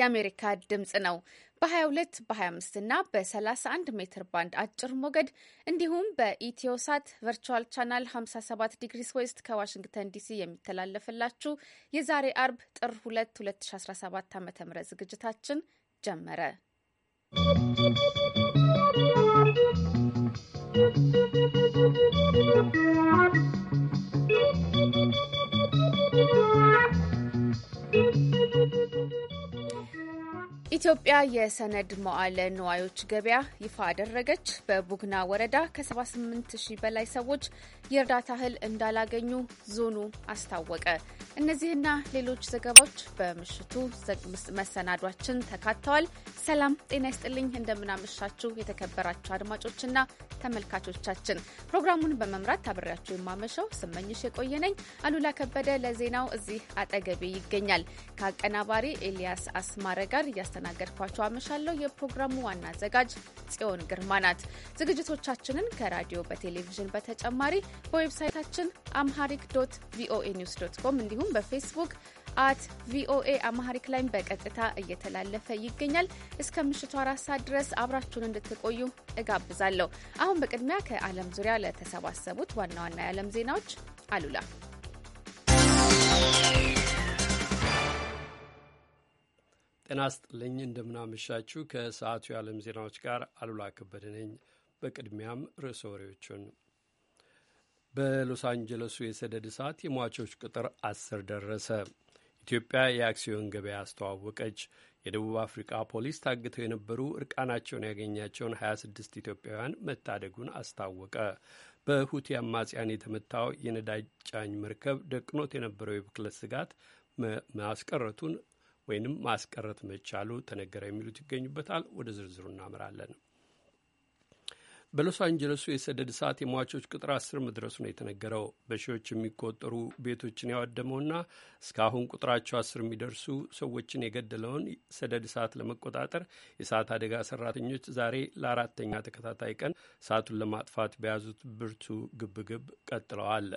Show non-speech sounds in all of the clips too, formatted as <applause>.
የአሜሪካ ድምፅ ነው። በ22 በ25 እና በ31 ሜትር ባንድ አጭር ሞገድ እንዲሁም በኢትዮሳት ቨርቹዋል ቻናል 57 ዲግሪስ ዌስት ከዋሽንግተን ዲሲ የሚተላለፍላችሁ የዛሬ አርብ ጥር 2 2017 ዓ ም ዝግጅታችን ጀመረ። ¶¶ ኢትዮጵያ የሰነድ መዋለ ንዋዮች ገበያ ይፋ አደረገች። በቡግና ወረዳ ከ78 ሺ በላይ ሰዎች የእርዳታ እህል እንዳላገኙ ዞኑ አስታወቀ። እነዚህና ሌሎች ዘገባዎች በምሽቱ መሰናዷችን ተካተዋል። ሰላም ጤና ይስጥልኝ። እንደምናመሻችሁ የተከበራችሁ አድማጮችና ተመልካቾቻችን፣ ፕሮግራሙን በመምራት አብሬያችሁ የማመሸው ስመኝሽ የቆየነኝ አሉላ ከበደ ለዜናው እዚህ አጠገቤ ይገኛል ከአቀናባሪ ኤልያስ አስማረ ጋር እያስተናል እያስተናገድኳቸው አመሻለሁ። የፕሮግራሙ ዋና አዘጋጅ ጽዮን ግርማ ናት። ዝግጅቶቻችንን ከራዲዮ በቴሌቪዥን በተጨማሪ በዌብሳይታችን አምሃሪክ ዶት ቪኦኤ ኒውስ ዶት ኮም እንዲሁም በፌስቡክ አት ቪኦኤ አማሐሪክ ላይ በቀጥታ እየተላለፈ ይገኛል። እስከ ምሽቱ አራት ሰዓት ድረስ አብራችሁን እንድትቆዩ እጋብዛለሁ። አሁን በቅድሚያ ከዓለም ዙሪያ ለተሰባሰቡት ዋና ዋና የዓለም ዜናዎች አሉላ ጤና ስጥልኝ። እንደምናመሻችሁ። ከሰዓቱ የዓለም ዜናዎች ጋር አሉላ ከበደ ነኝ። በቅድሚያም ርዕሰ ወሬዎቹን በሎስ አንጀለሱ የሰደድ እሳት የሟቾች ቁጥር አስር ደረሰ። ኢትዮጵያ የአክሲዮን ገበያ አስተዋወቀች። የደቡብ አፍሪካ ፖሊስ ታግተው የነበሩ እርቃናቸውን ያገኛቸውን 26 ኢትዮጵያውያን መታደጉን አስታወቀ። በሁቲ አማጽያን የተመታው የነዳጅ ጫኝ መርከብ ደቅኖት የነበረው የብክለት ስጋት ማስቀረቱን ወይንም ማስቀረት መቻሉ ተነገረ የሚሉት ይገኙበታል። ወደ ዝርዝሩ እናመራለን። በሎስ አንጀለሱ የሰደድ እሳት የሟቾች ቁጥር አስር መድረሱ ነው የተነገረው። በሺዎች የሚቆጠሩ ቤቶችን ያወደመውና እስካሁን ቁጥራቸው አስር የሚደርሱ ሰዎችን የገደለውን ሰደድ እሳት ለመቆጣጠር የእሳት አደጋ ሰራተኞች ዛሬ ለአራተኛ ተከታታይ ቀን እሳቱን ለማጥፋት በያዙት ብርቱ ግብግብ ቀጥለዋል።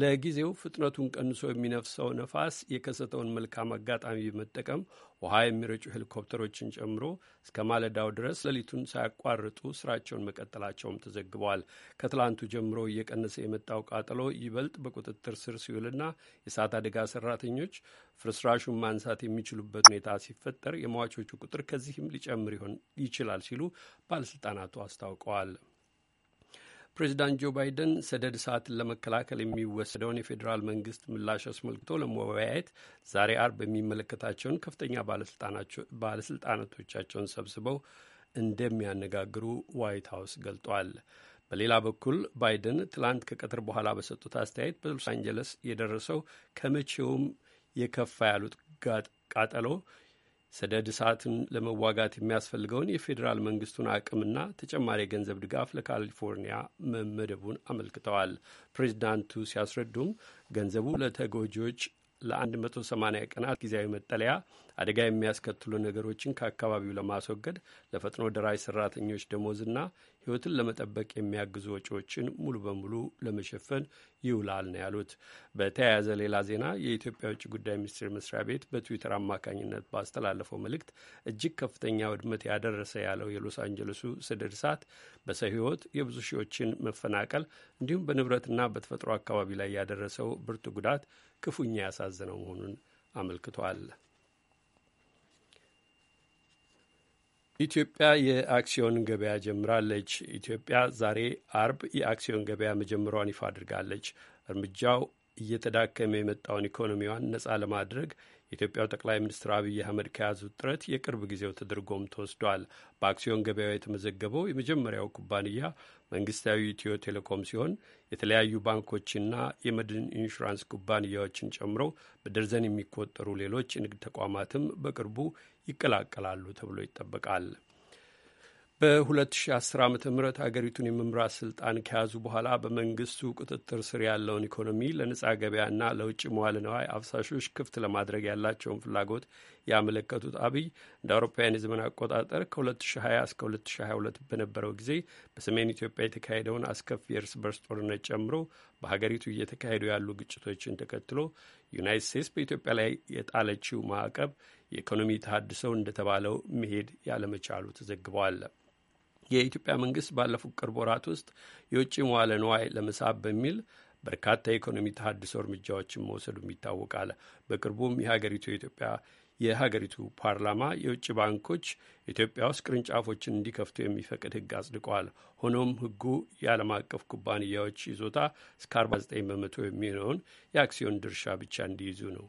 ለጊዜው ፍጥነቱን ቀንሶ የሚነፍሰው ነፋስ የከሰተውን መልካም አጋጣሚ በመጠቀም ውሃ የሚረጩ ሄሊኮፕተሮችን ጨምሮ እስከ ማለዳው ድረስ ሌሊቱን ሳያቋርጡ ስራቸውን መቀጠላቸውም ተዘግበዋል። ከትላንቱ ጀምሮ እየቀነሰ የመጣው ቃጠሎ ይበልጥ በቁጥጥር ስር ሲውልና የእሳት አደጋ ሰራተኞች ፍርስራሹን ማንሳት የሚችሉበት ሁኔታ ሲፈጠር የሟቾቹ ቁጥር ከዚህም ሊጨምር ይሆን ይችላል ሲሉ ባለስልጣናቱ አስታውቀዋል። ፕሬዚዳንት ጆ ባይደን ሰደድ እሳትን ለመከላከል የሚወሰደውን የፌዴራል መንግስት ምላሽ አስመልክቶ ለመወያየት ዛሬ አርብ የሚመለከታቸውን ከፍተኛ ባለስልጣናቶቻቸውን ሰብስበው እንደሚያነጋግሩ ዋይት ሀውስ ገልጧል። በሌላ በኩል ባይደን ትላንት ከቀትር በኋላ በሰጡት አስተያየት በሎስ አንጀለስ የደረሰው ከመቼውም የከፋ ያሉት ቃጠሎ ሰደድ እሳትን ለመዋጋት የሚያስፈልገውን የፌዴራል መንግስቱን አቅምና ተጨማሪ የገንዘብ ድጋፍ ለካሊፎርኒያ መመደቡን አመልክተዋል። ፕሬዚዳንቱ ሲያስረዱም ገንዘቡ ለተጎጂዎች ለ180 ቀናት ጊዜያዊ መጠለያ፣ አደጋ የሚያስከትሉ ነገሮችን ከአካባቢው ለማስወገድ፣ ለፈጥኖ ደራሽ ሰራተኞች ደሞዝና ሕይወትን ለመጠበቅ የሚያግዙ ወጪዎችን ሙሉ በሙሉ ለመሸፈን ይውላል ነው ያሉት። በተያያዘ ሌላ ዜና የኢትዮጵያ ውጭ ጉዳይ ሚኒስቴር መስሪያ ቤት በትዊተር አማካኝነት ባስተላለፈው መልእክት እጅግ ከፍተኛ ውድመት ያደረሰ ያለው የሎስ አንጀለሱ ስድር እሳት በሰው ሕይወት የብዙ ሺዎችን መፈናቀል እንዲሁም በንብረትና በተፈጥሮ አካባቢ ላይ ያደረሰው ብርቱ ጉዳት ክፉኛ ያሳዘነው መሆኑን አመልክቷል። ኢትዮጵያ የአክሲዮን ገበያ ጀምራለች። ኢትዮጵያ ዛሬ አርብ የአክሲዮን ገበያ መጀመሯን ይፋ አድርጋለች። እርምጃው እየተዳከመ የመጣውን ኢኮኖሚዋን ነጻ ለማድረግ የኢትዮጵያው ጠቅላይ ሚኒስትር አብይ አህመድ ከያዙት ጥረት የቅርብ ጊዜው ተደርጎም ተወስዷል። በአክሲዮን ገበያው የተመዘገበው የመጀመሪያው ኩባንያ መንግስታዊ ኢትዮ ቴሌኮም ሲሆን የተለያዩ ባንኮችና የመድን ኢንሹራንስ ኩባንያዎችን ጨምሮ በደርዘን የሚቆጠሩ ሌሎች ንግድ ተቋማትም በቅርቡ ይቀላቀላሉ ተብሎ ይጠበቃል። በ2010 ዓ ም አገሪቱን የመምራት ስልጣን ከያዙ በኋላ በመንግስቱ ቁጥጥር ስር ያለውን ኢኮኖሚ ለነጻ ገበያና ለውጭ መዋለ ነዋይ አፍሳሾች ክፍት ለማድረግ ያላቸውን ፍላጎት ያመለከቱት አብይ እንደ አውሮፓውያን የዘመን አቆጣጠር ከ2020 እስከ 2022 በነበረው ጊዜ በሰሜን ኢትዮጵያ የተካሄደውን አስከፊ የእርስ በርስ ጦርነት ጨምሮ በሀገሪቱ እየተካሄዱ ያሉ ግጭቶችን ተከትሎ ዩናይት ስቴትስ በኢትዮጵያ ላይ የጣለችው ማዕቀብ የኢኮኖሚ ተሃድሰው እንደተባለው መሄድ ያለመቻሉ ተዘግቧል። የኢትዮጵያ መንግስት ባለፉት ቅርብ ወራት ውስጥ የውጭ መዋለ ንዋይ ለመሳብ በሚል በርካታ የኢኮኖሚ ተሃድሶ እርምጃዎችን መውሰዱም ይታወቃል። በቅርቡም የሀገሪቱ የኢትዮጵያ የሀገሪቱ ፓርላማ የውጭ ባንኮች ኢትዮጵያ ውስጥ ቅርንጫፎችን እንዲከፍቱ የሚፈቅድ ሕግ አጽድቀዋል። ሆኖም ሕጉ የዓለም አቀፍ ኩባንያዎች ይዞታ እስከ 49 በመቶ የሚሆነውን የአክሲዮን ድርሻ ብቻ እንዲይዙ ነው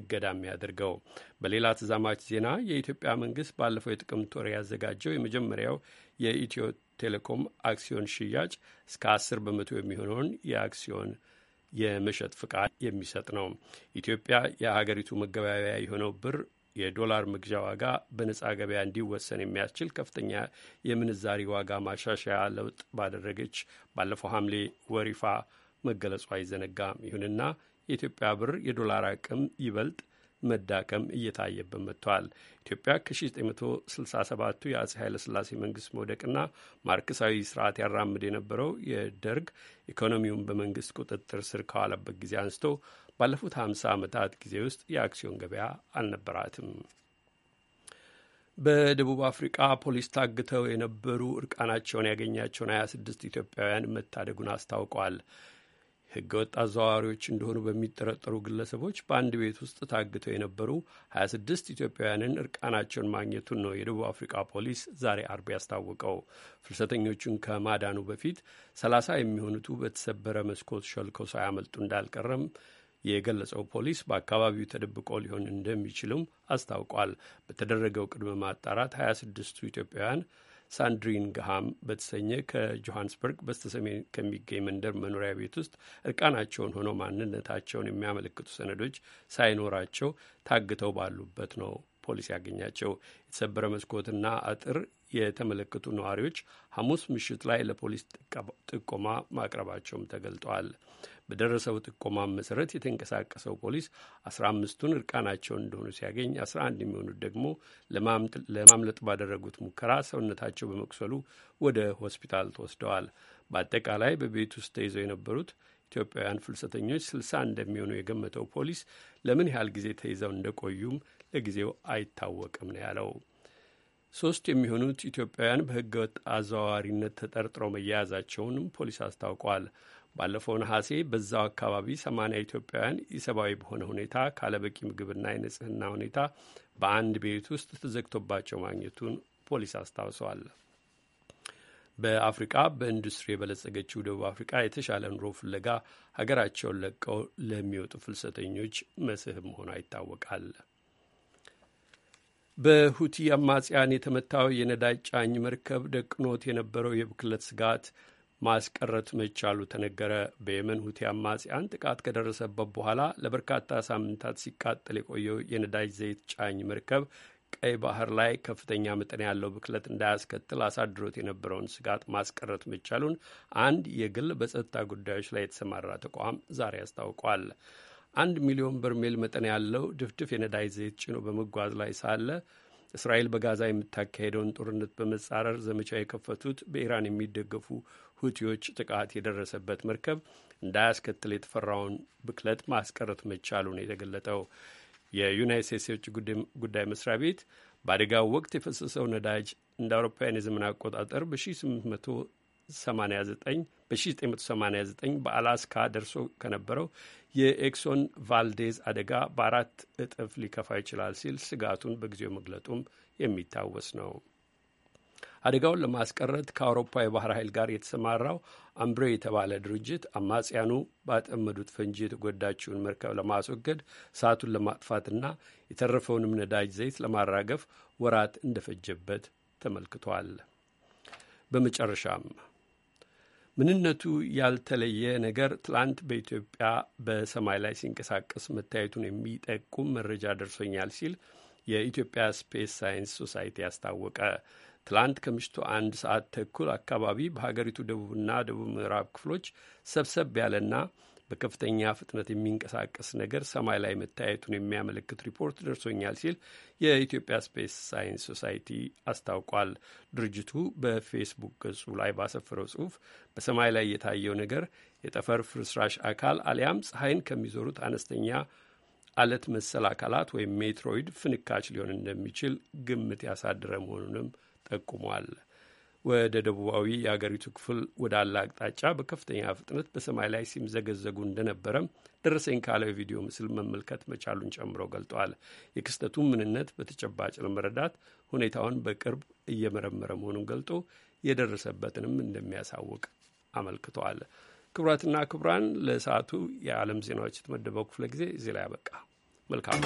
እገዳ የሚያደርገው። በሌላ ተዛማች ዜና የኢትዮጵያ መንግስት ባለፈው የጥቅምት ወር ያዘጋጀው የመጀመሪያው የኢትዮ ቴሌኮም አክሲዮን ሽያጭ እስከ አስር በመቶ የሚሆነውን የአክሲዮን የመሸጥ ፍቃድ የሚሰጥ ነው። ኢትዮጵያ የሀገሪቱ መገበያያ የሆነው ብር የዶላር መግዣ ዋጋ በነጻ ገበያ እንዲወሰን የሚያስችል ከፍተኛ የምንዛሪ ዋጋ ማሻሻያ ለውጥ ባደረገች ባለፈው ሐምሌ ወር ይፋ መገለጿ አይዘነጋም። ይሁንና የኢትዮጵያ ብር የዶላር አቅም ይበልጥ መዳከም እየታየበት መጥቷል። ኢትዮጵያ ከ1967ቱ የአጼ ኃይለሥላሴ መንግስት መውደቅና ማርክሳዊ ስርዓት ያራምድ የነበረው የደርግ ኢኮኖሚውን በመንግስት ቁጥጥር ስር ከዋለበት ጊዜ አንስቶ ባለፉት 50 ዓመታት ጊዜ ውስጥ የአክሲዮን ገበያ አልነበራትም። በደቡብ አፍሪቃ ፖሊስ ታግተው የነበሩ እርቃናቸውን ያገኛቸውን 26 ኢትዮጵያውያን መታደጉን አስታውቀዋል። ህገወጥ አዘዋዋሪዎች እንደሆኑ በሚጠረጠሩ ግለሰቦች በአንድ ቤት ውስጥ ታግተው የነበሩ 26 ኢትዮጵያውያንን እርቃናቸውን ማግኘቱን ነው የደቡብ አፍሪካ ፖሊስ ዛሬ አርብ ያስታወቀው። ፍልሰተኞቹን ከማዳኑ በፊት 30 የሚሆኑቱ በተሰበረ መስኮት ሸልከው ሳያመልጡ እንዳልቀረም የገለጸው ፖሊስ በአካባቢው ተደብቆ ሊሆን እንደሚችልም አስታውቋል። በተደረገው ቅድመ ማጣራት 26ቱ ኢትዮጵያውያን ሳንድሪንግሃም በተሰኘ ከጆሃንስበርግ በስተሰሜን ከሚገኝ መንደር መኖሪያ ቤት ውስጥ እርቃናቸውን ሆነው ማንነታቸውን የሚያመለክቱ ሰነዶች ሳይኖራቸው ታግተው ባሉበት ነው ፖሊስ ያገኛቸው። የተሰበረ መስኮትና አጥር የተመለከቱ ነዋሪዎች ሐሙስ ምሽት ላይ ለፖሊስ ጥቆማ ማቅረባቸውም ተገልጠዋል። በደረሰው ጥቆማ መሰረት የተንቀሳቀሰው ፖሊስ አስራ አምስቱን እርቃናቸውን እንደሆኑ ሲያገኝ አስራ አንድ የሚሆኑት ደግሞ ለማምለጥ ባደረጉት ሙከራ ሰውነታቸው በመቁሰሉ ወደ ሆስፒታል ተወስደዋል። በአጠቃላይ በቤት ውስጥ ተይዘው የነበሩት ኢትዮጵያውያን ፍልሰተኞች ስልሳ እንደሚሆኑ የገመተው ፖሊስ ለምን ያህል ጊዜ ተይዘው እንደቆዩም ለጊዜው አይታወቅም ነው ያለው። ሶስት የሚሆኑት ኢትዮጵያውያን በህገወጥ አዘዋዋሪነት ተጠርጥረው መያያዛቸውንም ፖሊስ አስታውቋል። ባለፈው ነሐሴ በዛው አካባቢ ሰማንያ ኢትዮጵያውያን ኢሰብአዊ በሆነ ሁኔታ ካለበቂ ምግብና የንጽህና ሁኔታ በአንድ ቤት ውስጥ ተዘግቶባቸው ማግኘቱን ፖሊስ አስታውሰዋል። በአፍሪቃ በኢንዱስትሪ የበለጸገችው ደቡብ አፍሪቃ የተሻለ ኑሮ ፍለጋ ሀገራቸውን ለቀው ለሚወጡ ፍልሰተኞች መስህብ መሆኗ ይታወቃል። በሁቲ አማጽያን የተመታው የነዳጅ ጫኝ መርከብ ደቅኖት የነበረው የብክለት ስጋት ማስቀረት መቻሉ ተነገረ። በየመን ሁቲ አማጽያን ጥቃት ከደረሰበት በኋላ ለበርካታ ሳምንታት ሲቃጠል የቆየው የነዳጅ ዘይት ጫኝ መርከብ ቀይ ባህር ላይ ከፍተኛ መጠን ያለው ብክለት እንዳያስከትል አሳድሮት የነበረውን ስጋት ማስቀረት መቻሉን አንድ የግል በጸጥታ ጉዳዮች ላይ የተሰማራ ተቋም ዛሬ አስታውቋል። አንድ ሚሊዮን በርሜል መጠን ያለው ድፍድፍ የነዳጅ ዘይት ጭኖ በመጓዝ ላይ ሳለ እስራኤል በጋዛ የምታካሄደውን ጦርነት በመጻረር ዘመቻ የከፈቱት በኢራን የሚደገፉ ሁቲዎች ጥቃት የደረሰበት መርከብ እንዳያስከትል የተፈራውን ብክለት ማስቀረት መቻሉ ነው የተገለጠው። የዩናይት ስቴትስ የውጭ ጉዳይ መስሪያ ቤት በአደጋው ወቅት የፈሰሰው ነዳጅ እንደ አውሮፓውያን የዘመን አቆጣጠር በ1889 በ1989 በአላስካ ደርሶ ከነበረው የኤክሶን ቫልዴዝ አደጋ በአራት እጥፍ ሊከፋ ይችላል ሲል ስጋቱን በጊዜው መግለጡም የሚታወስ ነው። አደጋውን ለማስቀረት ከአውሮፓ የባህር ኃይል ጋር የተሰማራው አምብሬ የተባለ ድርጅት አማጽያኑ ባጠመዱት ፈንጂ የተጎዳችውን መርከብ ለማስወገድ ሰዓቱን ለማጥፋትና የተረፈውንም ነዳጅ ዘይት ለማራገፍ ወራት እንደፈጀበት ተመልክቷል። በመጨረሻም ምንነቱ ያልተለየ ነገር ትላንት በኢትዮጵያ በሰማይ ላይ ሲንቀሳቀስ መታየቱን የሚጠቁም መረጃ ደርሶኛል ሲል የኢትዮጵያ ስፔስ ሳይንስ ሶሳይቲ አስታወቀ። ትላንት ከምሽቱ አንድ ሰዓት ተኩል አካባቢ በሀገሪቱ ደቡብና ደቡብ ምዕራብ ክፍሎች ሰብሰብ ያለና በከፍተኛ ፍጥነት የሚንቀሳቀስ ነገር ሰማይ ላይ መታየቱን የሚያመለክት ሪፖርት ደርሶኛል ሲል የኢትዮጵያ ስፔስ ሳይንስ ሶሳይቲ አስታውቋል። ድርጅቱ በፌስቡክ ገጹ ላይ ባሰፈረው ጽሑፍ በሰማይ ላይ የታየው ነገር የጠፈር ፍርስራሽ አካል አሊያም ፀሐይን ከሚዞሩት አነስተኛ አለት መሰል አካላት ወይም ሜትሮይድ ፍንካች ሊሆን እንደሚችል ግምት ያሳደረ መሆኑንም ጠቁሟል። ወደ ደቡባዊ የአገሪቱ ክፍል ወዳለ አቅጣጫ በከፍተኛ ፍጥነት በሰማይ ላይ ሲምዘገዘጉ እንደነበረ ደረሰኝ ካለው የቪዲዮ ምስል መመልከት መቻሉን ጨምሮ ገልጧል። የክስተቱ ምንነት በተጨባጭ ለመረዳት ሁኔታውን በቅርብ እየመረመረ መሆኑን ገልጦ የደረሰበትንም እንደሚያሳውቅ አመልክተዋል። ክቡራትና ክቡራን ለሰዓቱ የዓለም ዜናዎች የተመደበው ክፍለ ጊዜ እዚህ ላይ አበቃ። መልካም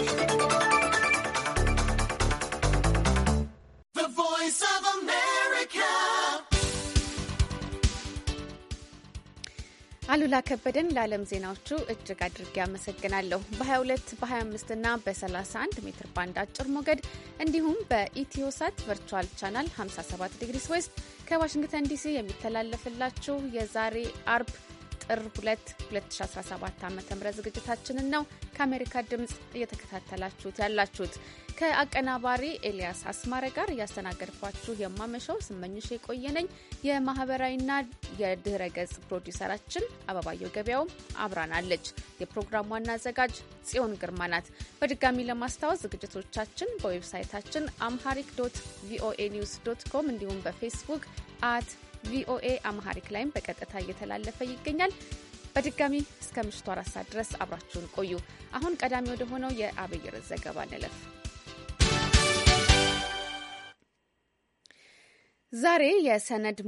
አሉላ ከበደን ለዓለም ዜናዎቹ እጅግ አድርጌ አመሰግናለሁ። በ22 በ25 እና በ31 ሜትር ባንድ አጭር ሞገድ እንዲሁም በኢትዮሳት ቨርቹዋል ቻናል 57 ዲግሪስ ዌስት ከዋሽንግተን ዲሲ የሚተላለፍላችሁ የዛሬ አርብ ጥር 2 2017 ዓ ም ዝግጅታችንን ነው ከአሜሪካ ድምፅ እየተከታተላችሁት ያላችሁት። ከአቀናባሪ ኤልያስ አስማረ ጋር እያስተናገድኳችሁ የማመሻው ስመኝሽ የቆየነኝ። የማህበራዊና የድህረ ገጽ ፕሮዲውሰራችን አበባየው ገበያውም አብራናለች። የፕሮግራሙ ዋና አዘጋጅ ጽዮን ግርማ ናት። በድጋሚ ለማስታወስ ዝግጅቶቻችን በዌብሳይታችን አምሃሪክ ዶት ቪኦኤ ኒውስ ዶት ኮም እንዲሁም በፌስቡክ አት ቪኦኤ አማሐሪክ ላይም በቀጥታ እየተላለፈ ይገኛል። በድጋሚ እስከ ምሽቱ አራት ሰዓት ድረስ አብራችሁን ቆዩ። አሁን ቀዳሚ ወደ ሆነው የአብይር ዘገባ እንለፍ። ዛሬ የሰነድ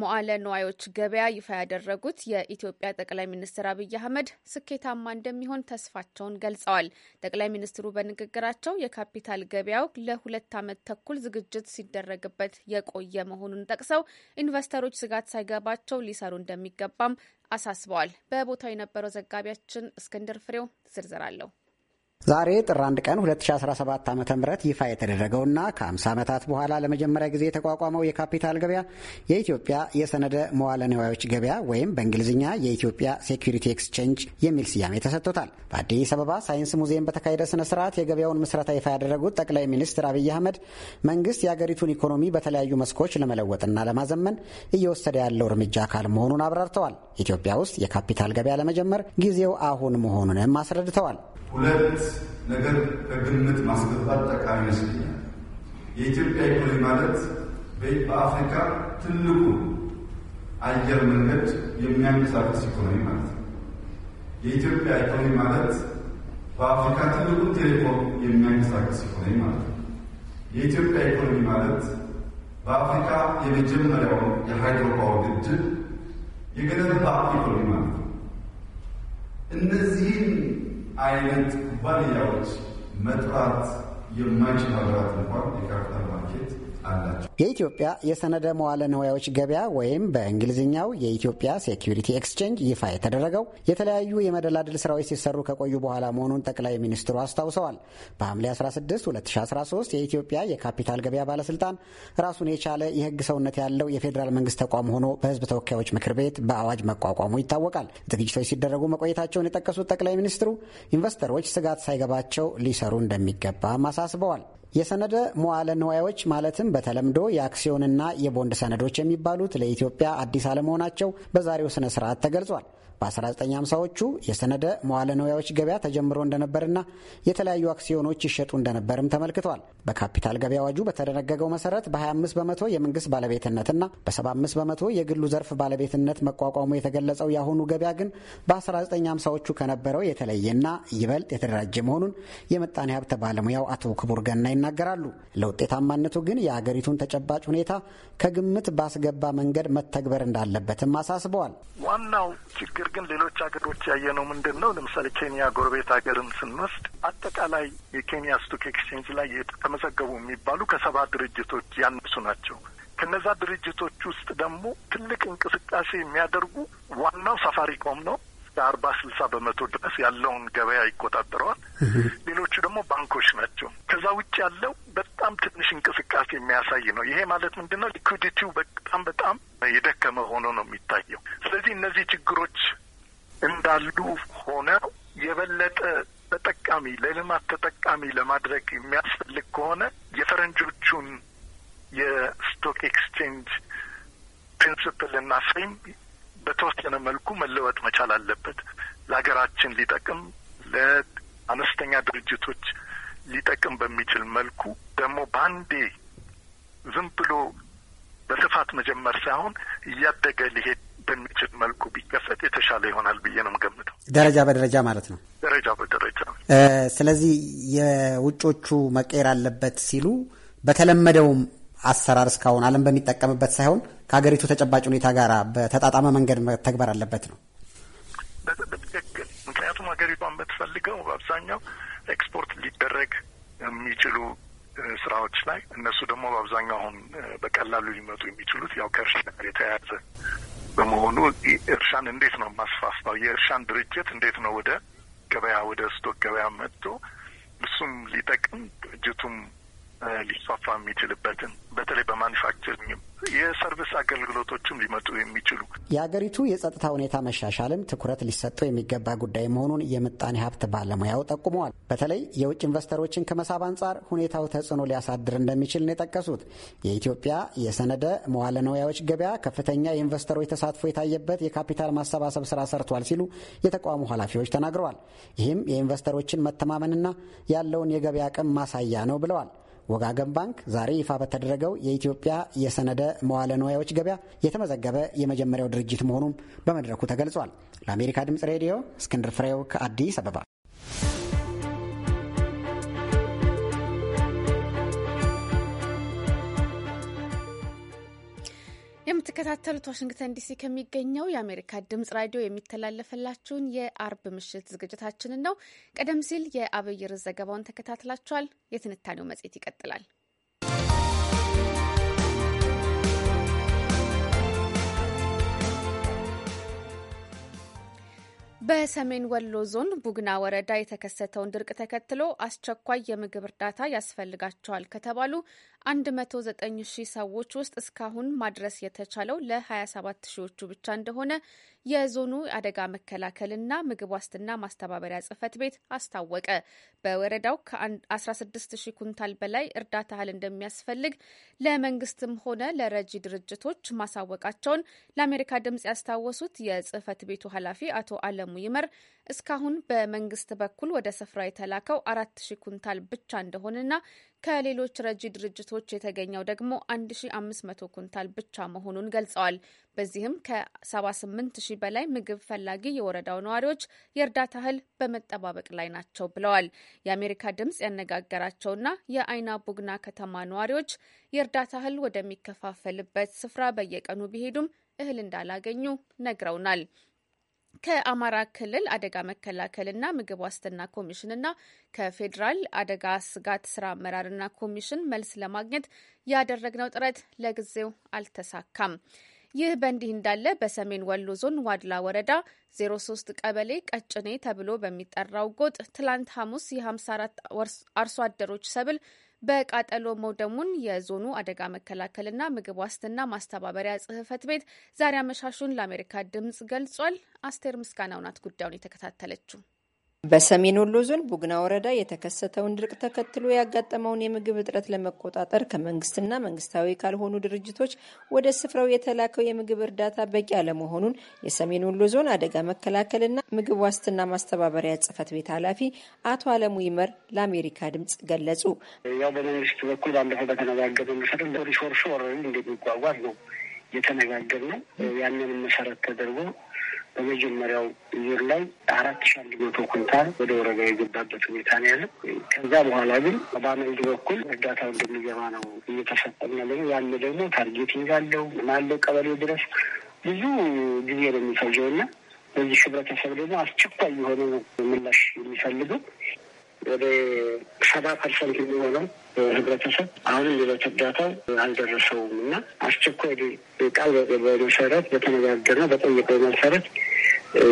መዋለ ንዋዮች ገበያ ይፋ ያደረጉት የኢትዮጵያ ጠቅላይ ሚኒስትር አብይ አህመድ ስኬታማ እንደሚሆን ተስፋቸውን ገልጸዋል። ጠቅላይ ሚኒስትሩ በንግግራቸው የካፒታል ገበያው ለሁለት ዓመት ተኩል ዝግጅት ሲደረግበት የቆየ መሆኑን ጠቅሰው ኢንቨስተሮች ስጋት ሳይገባቸው ሊሰሩ እንደሚገባም አሳስበዋል። በቦታው የነበረው ዘጋቢያችን እስክንድር ፍሬው ዝርዝር አለው። ዛሬ ጥር 1 ቀን 2017 ዓ ም ይፋ የተደረገውና ከ50 ዓመታት በኋላ ለመጀመሪያ ጊዜ የተቋቋመው የካፒታል ገበያ የኢትዮጵያ የሰነደ መዋለ ንዋዮች ገበያ ወይም በእንግሊዝኛ የኢትዮጵያ ሴኩሪቲ ኤክስቼንጅ የሚል ስያሜ ተሰጥቶታል። በአዲስ አበባ ሳይንስ ሙዚየም በተካሄደ ስነ ስርዓት የገበያውን ምስረታ ይፋ ያደረጉት ጠቅላይ ሚኒስትር አብይ አህመድ መንግስት የአገሪቱን ኢኮኖሚ በተለያዩ መስኮች ለመለወጥና ለማዘመን እየወሰደ ያለው እርምጃ አካል መሆኑን አብራርተዋል። ኢትዮጵያ ውስጥ የካፒታል ገበያ ለመጀመር ጊዜው አሁን መሆኑንም አስረድተዋል። ነገር ከግምት ማስገባት ጠቃሚ ይመስለኛል። የኢትዮጵያ ኢኮኖሚ ማለት በአፍሪካ ትልቁ አየር መንገድ የሚያንቀሳቀስ ኢኮኖሚ ማለት ነው። የኢትዮጵያ ኢኮኖሚ ማለት በአፍሪካ ትልቁ ቴሌኮም የሚያንቀሳቀስ ኢኮኖሚ ማለት ነው። የኢትዮጵያ ኢኮኖሚ ማለት በአፍሪካ የመጀመሪያውን የሃይድሮፓወር ፓወር ግድብ የገነባ ኢኮኖሚ ማለት ነው። እነዚህን አይነት ኩባንያዎች መጥራት የማይችል ሀገራት እንኳን የካፒታል ማርኬት የኢትዮጵያ የሰነደ መዋለ ንዋዮች ገበያ ወይም በእንግሊዝኛው የኢትዮጵያ ሴኪሪቲ ኤክስቼንጅ ይፋ የተደረገው የተለያዩ የመደላድል ስራዎች ሲሰሩ ከቆዩ በኋላ መሆኑን ጠቅላይ ሚኒስትሩ አስታውሰዋል። በሐምሌ 16 2013 የኢትዮጵያ የካፒታል ገበያ ባለስልጣን ራሱን የቻለ የህግ ሰውነት ያለው የፌዴራል መንግስት ተቋም ሆኖ በህዝብ ተወካዮች ምክር ቤት በአዋጅ መቋቋሙ ይታወቃል። ዝግጅቶች ሲደረጉ መቆየታቸውን የጠቀሱት ጠቅላይ ሚኒስትሩ ኢንቨስተሮች ስጋት ሳይገባቸው ሊሰሩ እንደሚገባም አሳስበዋል። የሰነደ መዋለ ንዋዮች ማለትም በተለምዶ የአክሲዮንና የቦንድ ሰነዶች የሚባሉት ለኢትዮጵያ አዲስ አለመሆናቸው በዛሬው ስነ ስርዓት ተገልጿል። በ1950ዎቹ የሰነደ መዋለ ንዋዮች ገበያ ተጀምሮ እንደነበርና የተለያዩ አክሲዮኖች ይሸጡ እንደነበርም ተመልክቷል። በካፒታል ገበያ አዋጁ በተደነገገው መሰረት በ25 በመቶ የመንግስት ባለቤትነትና በ75 በመቶ የግሉ ዘርፍ ባለቤትነት መቋቋሙ የተገለጸው የአሁኑ ገበያ ግን በ1950ዎቹ ከነበረው የተለየና ይበልጥ የተደራጀ መሆኑን የምጣኔ ሀብት ባለሙያው አቶ ክቡር ገና ይናገራሉ። ለውጤታማነቱ ግን የአገሪቱን ተጨባጭ ሁኔታ ከግምት ባስገባ መንገድ መተግበር እንዳለበትም አሳስበዋል። ዋናው ችግር ነገር ግን ሌሎች ሀገሮች ነው ምንድን ነው? ለምሳሌ ኬንያ ጎረቤት ሀገርን ስንወስድ አጠቃላይ የኬንያ ስቶክ ኤክስቼንጅ ላይ የተመዘገቡ የሚባሉ ከሰባ ድርጅቶች ያነሱ ናቸው። ከነዛ ድርጅቶች ውስጥ ደግሞ ትልቅ እንቅስቃሴ የሚያደርጉ ዋናው ቆም ነው። የአርባ ስልሳ በመቶ ድረስ ያለውን ገበያ ይቆጣጠረዋል። ሌሎቹ ደግሞ ባንኮች ናቸው። ከዛ ውጭ ያለው በጣም ትንሽ እንቅስቃሴ የሚያሳይ ነው። ይሄ ማለት ምንድን ነው? ሊኩዲቲው በጣም በጣም የደከመ ሆኖ ነው የሚታየው። ስለዚህ እነዚህ ችግሮች እንዳሉ ሆነው የበለጠ ተጠቃሚ ለልማት ተጠቃሚ ለማድረግ የሚያስፈልግ ከሆነ የፈረንጆቹን የስቶክ ኤክስቼንጅ ፕሪንስፕል እና ፍሬም በተወሰነ መልኩ መለወጥ መቻል አለበት። ለሀገራችን ሊጠቅም ለአነስተኛ ድርጅቶች ሊጠቅም በሚችል መልኩ ደግሞ በአንዴ ዝም ብሎ በስፋት መጀመር ሳይሆን እያደገ ሊሄድ በሚችል መልኩ ቢከፈት የተሻለ ይሆናል ብዬ ነው የምገምተው። ደረጃ በደረጃ ማለት ነው። ደረጃ በደረጃ ስለዚህ የውጮቹ መቀየር አለበት ሲሉ በተለመደውም አሰራር እስካሁን ዓለም በሚጠቀምበት ሳይሆን ከሀገሪቱ ተጨባጭ ሁኔታ ጋር በተጣጣመ መንገድ መተግበር አለበት ነው። በትክክል ምክንያቱም ሀገሪቷን በትፈልገው በአብዛኛው ኤክስፖርት ሊደረግ የሚችሉ ስራዎች ላይ እነሱ ደግሞ በአብዛኛው አሁን በቀላሉ ሊመጡ የሚችሉት ያው ከእርሻ ጋር የተያያዘ በመሆኑ እርሻን እንዴት ነው ማስፋፋው? የእርሻን ድርጅት እንዴት ነው ወደ ገበያ ወደ ስቶክ ገበያ መጥቶ እሱም ሊጠቅም ድርጅቱም ሊስፋፋ የሚችልበትን በተለይ በማኒፋክቸሪንግ የሰርቪስ አገልግሎቶችም ሊመጡ የሚችሉ የአገሪቱ የጸጥታ ሁኔታ መሻሻልም ትኩረት ሊሰጠው የሚገባ ጉዳይ መሆኑን የምጣኔ ሀብት ባለሙያው ጠቁመዋል። በተለይ የውጭ ኢንቨስተሮችን ከመሳብ አንጻር ሁኔታው ተጽዕኖ ሊያሳድር እንደሚችል ነው የጠቀሱት። የኢትዮጵያ የሰነደ መዋለ ንዋዮች ገበያ ከፍተኛ የኢንቨስተሮች ተሳትፎ የታየበት የካፒታል ማሰባሰብ ስራ ሰርቷል ሲሉ የተቋሙ ኃላፊዎች ተናግረዋል። ይህም የኢንቨስተሮችን መተማመንና ያለውን የገበያ አቅም ማሳያ ነው ብለዋል። ወጋገን ባንክ ዛሬ ይፋ በተደረገው የኢትዮጵያ የሰነደ መዋለ ንዋዮች ገበያ የተመዘገበ የመጀመሪያው ድርጅት መሆኑም በመድረኩ ተገልጿል። ለአሜሪካ ድምፅ ሬዲዮ እስክንድር ፍሬው ከአዲስ አበባ የምትከታተሉት ዋሽንግተን ዲሲ ከሚገኘው የአሜሪካ ድምጽ ራዲዮ የሚተላለፈላችሁን የአርብ ምሽት ዝግጅታችንን ነው። ቀደም ሲል የአብይር ዘገባውን ተከታትላችኋል። የትንታኔው መጽሔት ይቀጥላል። በሰሜን ወሎ ዞን ቡግና ወረዳ የተከሰተውን ድርቅ ተከትሎ አስቸኳይ የምግብ እርዳታ ያስፈልጋቸዋል ከተባሉ 109 ሺህ ሰዎች ውስጥ እስካሁን ማድረስ የተቻለው ለ27 ሺዎቹ ብቻ እንደሆነ የዞኑ አደጋ መከላከልና ምግብ ዋስትና ማስተባበሪያ ጽህፈት ቤት አስታወቀ። በወረዳው ከ16 ሺህ ኩንታል በላይ እርዳታ እህል እንደሚያስፈልግ ለመንግስትም ሆነ ለረጂ ድርጅቶች ማሳወቃቸውን ለአሜሪካ ድምጽ ያስታወሱት የጽፈት ቤቱ ኃላፊ አቶ አለሙ ይመር እስካሁን በመንግስት በኩል ወደ ስፍራ የተላከው አራት ሺህ ኩንታል ብቻ እንደሆነና ከሌሎች ረጂ ድርጅቶች የተገኘው ደግሞ 1500 ኩንታል ብቻ መሆኑን ገልጸዋል። በዚህም ከ 78000 በላይ ምግብ ፈላጊ የወረዳው ነዋሪዎች የእርዳታ እህል በመጠባበቅ ላይ ናቸው ብለዋል። የአሜሪካ ድምፅ ያነጋገራቸውና የአይና ቡግና ከተማ ነዋሪዎች የእርዳታ እህል ወደሚከፋፈልበት ስፍራ በየቀኑ ቢሄዱም እህል እንዳላገኙ ነግረውናል። ከአማራ ክልል አደጋ መከላከልና ምግብ ዋስትና ኮሚሽንና ከፌዴራል አደጋ ስጋት ስራ አመራርና ኮሚሽን መልስ ለማግኘት ያደረግነው ጥረት ለጊዜው አልተሳካም። ይህ በእንዲህ እንዳለ በሰሜን ወሎ ዞን ዋድላ ወረዳ 03 ቀበሌ ቀጭኔ ተብሎ በሚጠራው ጎጥ ትላንት ሐሙስ የ54 አርሶ አደሮች ሰብል በቃጠሎ መውደሙን የዞኑ አደጋ መከላከልና ምግብ ዋስትና ማስተባበሪያ ጽህፈት ቤት ዛሬ አመሻሹን ለአሜሪካ ድምጽ ገልጿል። አስቴር ምስጋናው ናት ጉዳዩን የተከታተለችው። በሰሜን ወሎ ዞን ቡግና ወረዳ የተከሰተውን ድርቅ ተከትሎ ያጋጠመውን የምግብ እጥረት ለመቆጣጠር ከመንግስትና መንግስታዊ ካልሆኑ ድርጅቶች ወደ ስፍራው የተላከው የምግብ እርዳታ በቂ አለመሆኑን የሰሜን ወሎ ዞን አደጋ መከላከልና ምግብ ዋስትና ማስተባበሪያ ጽህፈት ቤት ኃላፊ አቶ አለሙ ይመር ለአሜሪካ ድምጽ ገለጹ። ያው በመንግስት በኩል ባለፈው በተነጋገረ መሰረት ሪሶርሱ እንደሚጓጓዝ ነው የተነጋገር ነው። ያንንም መሰረት ተደርጎ በመጀመሪያው ዙር ላይ አራት ሺ አንድ መቶ ኩንታል ወደ ወረዳ የገባበት ሁኔታ ነው ያለው። ከዛ በኋላ ግን በአመንድ በኩል እርዳታው እንደሚገባ ነው እየተሰጠን ያለ። ያን ደግሞ ታርጌቲንግ አለው ማለው ቀበሌ ድረስ ብዙ ጊዜ ነው የሚፈጀው እና በዚህ ህብረተሰብ ደግሞ አስቸኳይ የሆነ ምላሽ የሚፈልገው ወደ ሰባ ፐርሰንት የሚሆነው ህብረተሰብ አሁንም ሌሎች እርዳታው አልደረሰውም እና አስቸኳይ ቃል በመሰረት መሰረት በተነጋገርነው በጠየቀው መሰረት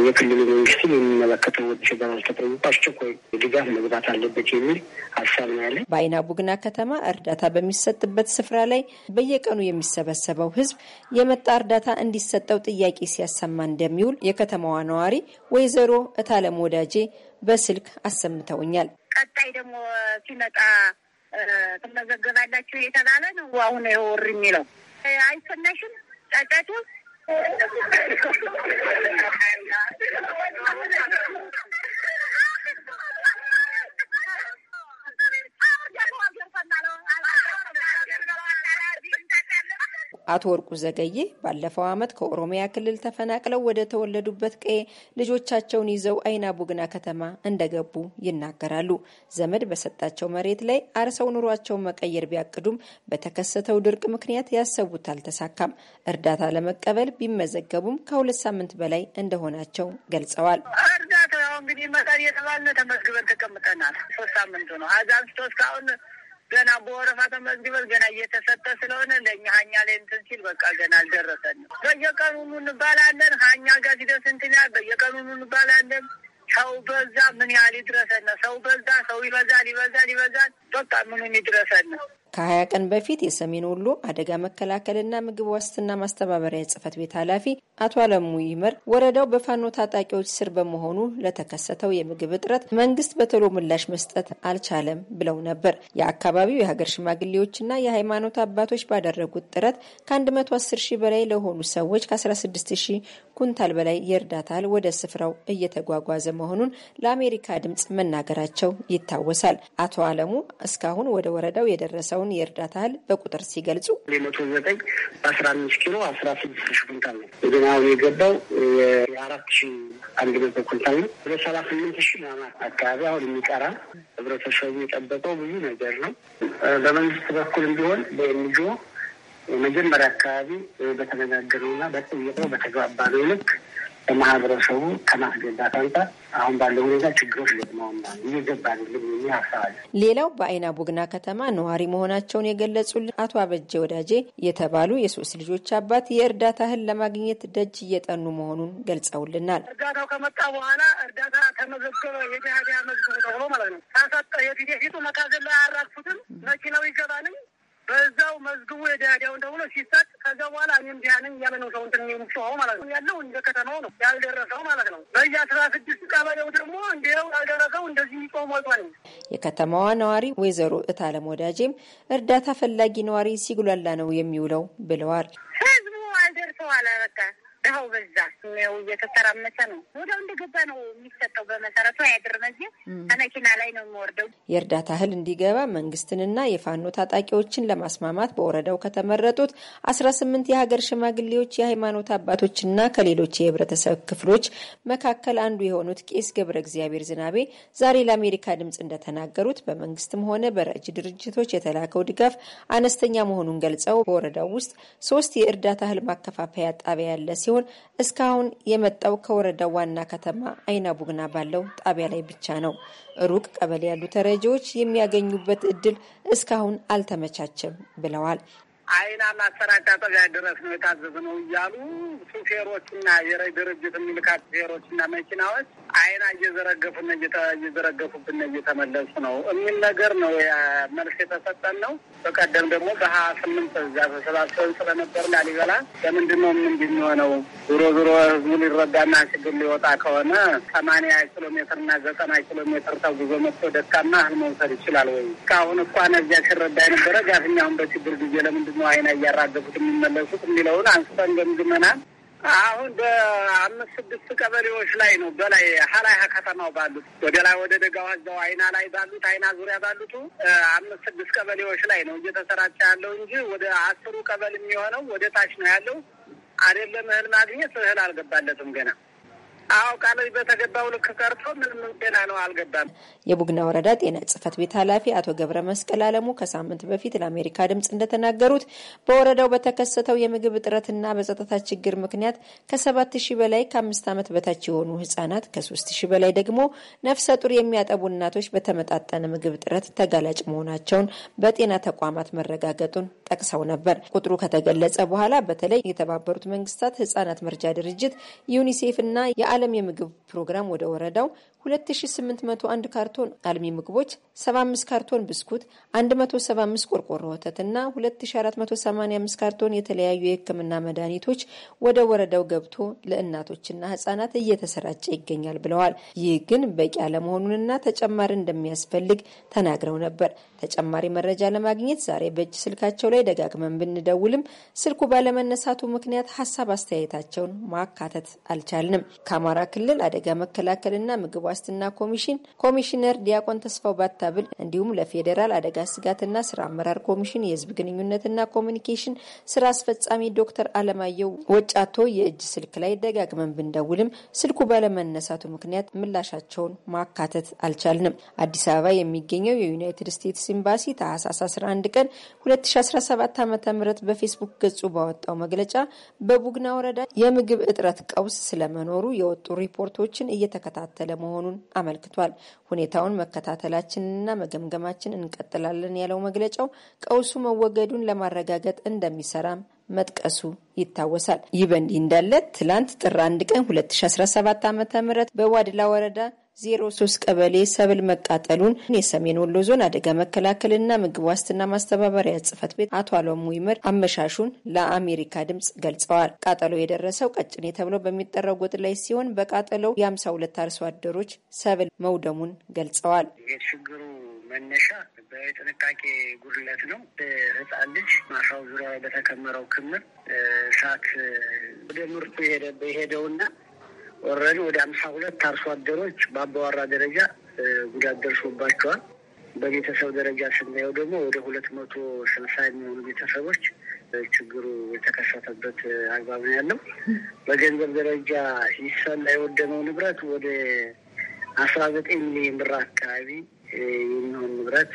የክልሉ መንግስት የሚመለከተው ወደ ፌደራል ተጠይቆ አስቸኳይ ድጋፍ መግባት አለበት የሚል ሀሳብ ነው ያለ። በአይና ቡግና ከተማ እርዳታ በሚሰጥበት ስፍራ ላይ በየቀኑ የሚሰበሰበው ህዝብ የመጣ እርዳታ እንዲሰጠው ጥያቄ ሲያሰማ እንደሚውል የከተማዋ ነዋሪ ወይዘሮ እታለም ወዳጄ በስልክ አሰምተውኛል። ቀጣይ ደግሞ ሲመጣ ትመዘገባላችሁ የተባለ ነው። አሁን የወር የሚለው አይሰናሽም ጫጫቱ <laughs> አቶ ወርቁ ዘገዬ ባለፈው ዓመት ከኦሮሚያ ክልል ተፈናቅለው ወደ ተወለዱበት ቀዬ ልጆቻቸውን ይዘው አይና ቡግና ከተማ እንደገቡ ይናገራሉ። ዘመድ በሰጣቸው መሬት ላይ አርሰው ኑሯቸውን መቀየር ቢያቅዱም በተከሰተው ድርቅ ምክንያት ያሰቡት አልተሳካም። እርዳታ ለመቀበል ቢመዘገቡም ከሁለት ሳምንት በላይ እንደሆናቸው ገልጸዋል። እርዳታ እንግዲህ መጠን የተባልነ ተመዝግበን ተቀምጠናል። ሶስት ሳምንቱ ነው። አዛም እስካሁን ገና በወረፋ ተመዝግበን ገና እየተሰጠ ስለሆነ ለእኛ ሀኛ ላይ እንትን ሲል በቃ ገና አልደረሰንም። በየቀኑ ኑ እንባላለን። ሀኛ ጋር ሲደርስ እንትን ያህል በየቀኑ ኑ እንባላለን። ሰው በዛ ምን ያህል ይድረሰን? ሰው በዛ ሰው ይበዛል፣ ይበዛል፣ ይበዛል። በቃ ምኑን ይድረሰን? ከሀያ ቀን በፊት የሰሜን ወሎ አደጋ መከላከልና ምግብ ዋስትና ማስተባበሪያ ጽህፈት ቤት ኃላፊ አቶ አለሙ ይመር ወረዳው በፋኖ ታጣቂዎች ስር በመሆኑ ለተከሰተው የምግብ እጥረት መንግስት በቶሎ ምላሽ መስጠት አልቻለም ብለው ነበር። የአካባቢው የሀገር ሽማግሌዎችና የሃይማኖት አባቶች ባደረጉት ጥረት ከ110 ሺህ በላይ ለሆኑ ሰዎች ከ16 ሺህ ኩንታል በላይ የእርዳታ እህል ወደ ስፍራው እየተጓጓዘ መሆኑን ለአሜሪካ ድምጽ መናገራቸው ይታወሳል። አቶ አለሙ እስካሁን ወደ ወረዳው የደረሰው የደረሰውን የእርዳታ እህል በቁጥር ሲገልጹ መቶ ዘጠኝ በአስራ አምስት ኪሎ አስራ ስድስት ሺ ኩንታል ነው። ግን አሁን የገባው የአራት ሺ አንድ መቶ ኩንታል ነው። ወደ ሰባ ስምንት ሺ ማማት አካባቢ አሁን የሚቀራ ህብረተሰቡ የጠበቀው ብዙ ነገር ነው። በመንግስት በኩልም ቢሆን በኤንጆ መጀመሪያ አካባቢ በተነጋገረው በተነጋገረውና በጠየቀው በተግባባ ነው ልክ በማህበረሰቡ ከማስገባት አንጻር አሁን ባለው ሁኔታ ችግሮች ገጥመውና እየገባ አይደለም የሚል ሌላው በአይና ቡግና ከተማ ነዋሪ መሆናቸውን የገለጹልን አቶ አበጀ ወዳጄ የተባሉ የሶስት ልጆች አባት የእርዳታ እህል ለማግኘት ደጅ እየጠኑ መሆኑን ገልጸውልናል። እርዳታው ከመጣ በኋላ እርዳታ ተመዘገበ የዳዳ መዝገቡ ተብሎ ማለት ነው ካሰጠ የፊት የፊቱ መካዘን ላይ አያራግፉትም መኪናው ይገባልም በዛው መዝግቡ የዲያዲያውን ተብሎ ሲሰጥ ከዛ በኋላ እኔም ዲያንን እያለ ሰው እንትን የሚጮኸው ማለት ነው። ያለው እንደ ከተማው ነው ያልደረሰው ማለት ነው። በየ አስራ ስድስት ቀበሌው ደግሞ እንዲው ያልደረሰው እንደዚህ የሚጮህ ሞልቷል። የከተማዋ ነዋሪ ወይዘሮ እታለም ወዳጄም እርዳታ ፈላጊ ነዋሪ ሲጉላላ ነው የሚውለው ብለዋል። ህዝቡ አልደርሰዋል በቃ ድሀው በዛ ስሜው እየተተራመሰ ነው። ወዲያው እንደገባ ነው የሚሰጠው። በመሰረቱ አያድር መዚህ ከመኪና ላይ ነው የሚወርደው። የእርዳታ እህል እንዲገባ መንግስትንና የፋኖ ታጣቂዎችን ለማስማማት በወረዳው ከተመረጡት አስራ ስምንት የሀገር ሽማግሌዎች፣ የሃይማኖት አባቶችና ከሌሎች የህብረተሰብ ክፍሎች መካከል አንዱ የሆኑት ቄስ ገብረ እግዚአብሔር ዝናቤ ዛሬ ለአሜሪካ ድምፅ እንደተናገሩት በመንግስትም ሆነ በረጅ ድርጅቶች የተላከው ድጋፍ አነስተኛ መሆኑን ገልጸው በወረዳው ውስጥ ሶስት የእርዳታ እህል ማከፋፈያ ጣቢያ ያለ ሲሆን ሲሆን እስካሁን የመጣው ከወረዳው ዋና ከተማ አይና ቡግና ባለው ጣቢያ ላይ ብቻ ነው። ሩቅ ቀበሌ ያሉ ተረጂዎች የሚያገኙበት እድል እስካሁን አልተመቻቸም ብለዋል። አይና ማሰራጫ ጠቢያ ድረስ ነው የታዘዝነው እያሉ ሹፌሮችና የራይ ድርጅት የሚልካት ሹፌሮችና መኪናዎች አይና እየዘረገፉና እየዘረገፉብን እየተመለሱ ነው የሚል ነገር ነው መልስ የተሰጠን ነው። በቀደም ደግሞ በሀያ ስምንት እዛ ተሰባሰብን ስለነበር ላሊበላ ለምንድን ነው ምን የሚሆነው ዞሮ ዞሮ ህዝቡ ሊረዳና ችግር ሊወጣ ከሆነ ሰማንያ ኪሎ ሜትርና ዘጠና ኪሎ ሜትር ተጉዞ መጥቶ ደካማ እህል መውሰድ ይችላል ወይ? እስካሁን እኳ ነዚያ ሲረዳ የነበረ ጋፍኛውን በችግር ጊዜ ለምንድን ነው አይና እያራገፉት የሚመለሱት የሚለውን አንስተን ገምግመናል። አሁን በአምስት ስድስት ቀበሌዎች ላይ ነው በላይ ሀላይሀ ከተማው ባሉት ወደ ላይ ወደ ደጋው እዛው አይና ላይ ባሉት አይና ዙሪያ ባሉት አምስት ስድስት ቀበሌዎች ላይ ነው እየተሰራጨ ያለው እንጂ ወደ አስሩ ቀበሌ የሚሆነው ወደ ታች ነው ያለው። አይደለም እህል ማግኘት እህል አልገባለትም ገና አዎ ቃለ በተገባው ልክ ቀርቶ ምንም ጤና ነው አልገባም። የቡግና ወረዳ ጤና ጽህፈት ቤት ኃላፊ አቶ ገብረ መስቀል አለሙ ከሳምንት በፊት ለአሜሪካ ድምጽ እንደተናገሩት በወረዳው በተከሰተው የምግብ እጥረትና በጸጥታ ችግር ምክንያት ከሰባት ሺህ በላይ ከአምስት ዓመት በታች የሆኑ ህጻናት ከሶስት ሺህ በላይ ደግሞ ነፍሰ ጡር የሚያጠቡ እናቶች በተመጣጠነ ምግብ እጥረት ተጋላጭ መሆናቸውን በጤና ተቋማት መረጋገጡን ጠቅሰው ነበር። ቁጥሩ ከተገለጸ በኋላ በተለይ የተባበሩት መንግስታት ህጻናት መርጃ ድርጅት ዩኒሴፍ እና የዓለም የምግብ ፕሮግራም ወደ ወረዳው 2801 ካርቶን አልሚ ምግቦች፣ 75 ካርቶን ብስኩት፣ 175 ቆርቆሮ ወተትና 2485 ካርቶን የተለያዩ የሕክምና መድኃኒቶች ወደ ወረዳው ገብቶ ለእናቶችና ህጻናት እየተሰራጨ ይገኛል ብለዋል። ይህ ግን በቂ አለመሆኑንና ተጨማሪ እንደሚያስፈልግ ተናግረው ነበር። ተጨማሪ መረጃ ለማግኘት ዛሬ በእጅ ስልካቸው ላይ ደጋግመን ብንደውልም ስልኩ ባለመነሳቱ ምክንያት ሀሳብ አስተያየታቸውን ማካተት አልቻልንም። ከአማራ ክልል አደጋ መከላከልና ምግብ ዋስትና ኮሚሽን ኮሚሽነር ዲያቆን ተስፋው ባታብል እንዲሁም ለፌዴራል አደጋ ስጋትና ስራ አመራር ኮሚሽን የህዝብ ግንኙነትና ኮሚኒኬሽን ስራ አስፈጻሚ ዶክተር አለማየሁ ወጫቶ የእጅ ስልክ ላይ ደጋግመን ብንደውልም ስልኩ ባለመነሳቱ ምክንያት ምላሻቸውን ማካተት አልቻልንም። አዲስ አበባ የሚገኘው የዩናይትድ ስቴትስ ኤምባሲ ታህሳስ 11 ቀን 2017 ዓ ም በፌስቡክ ገጹ ባወጣው መግለጫ በቡግና ወረዳ የምግብ እጥረት ቀውስ ስለመኖሩ የወጡ ሪፖርቶችን እየተከታተለ መሆኑ መሆኑን አመልክቷል። ሁኔታውን መከታተላችንና መገምገማችን እንቀጥላለን ያለው መግለጫው ቀውሱ መወገዱን ለማረጋገጥ እንደሚሰራም መጥቀሱ ይታወሳል። ይህ በእንዲህ እንዳለ ትላንት ጥር 1 ቀን 2017 ዓ ም በዋድላ ወረዳ ዜሮ ሶስት ቀበሌ ሰብል መቃጠሉን የሰሜን ወሎ ዞን አደጋ መከላከልና ምግብ ዋስትና ማስተባበሪያ ጽህፈት ቤት አቶ አለሙ ይመር አመሻሹን ለአሜሪካ ድምጽ ገልጸዋል። ቃጠሎ የደረሰው ቀጭኔ ተብሎ በሚጠራው ጎጥ ላይ ሲሆን በቃጠሎው የአምሳ ሁለት አርሶ አደሮች ሰብል መውደሙን ገልጸዋል። የችግሩ መነሻ በጥንቃቄ ጉድለት ነው። በህፃን ልጅ ማሳው ዙሪያ በተከመረው ክምር እሳት ወደ ምርቱ ሄደውና ወረን ወደ አምሳ ሁለት አርሶ አደሮች በአባዋራ ደረጃ ጉዳት ደርሶባቸዋል። በቤተሰብ ደረጃ ስናየው ደግሞ ወደ ሁለት መቶ ስልሳ የሚሆኑ ቤተሰቦች ችግሩ የተከሰተበት አግባብ ነው ያለው። በገንዘብ ደረጃ ይሰላ የወደመው ንብረት ወደ አስራ ዘጠኝ ሚሊዮን ብር አካባቢ የሚሆን ንብረት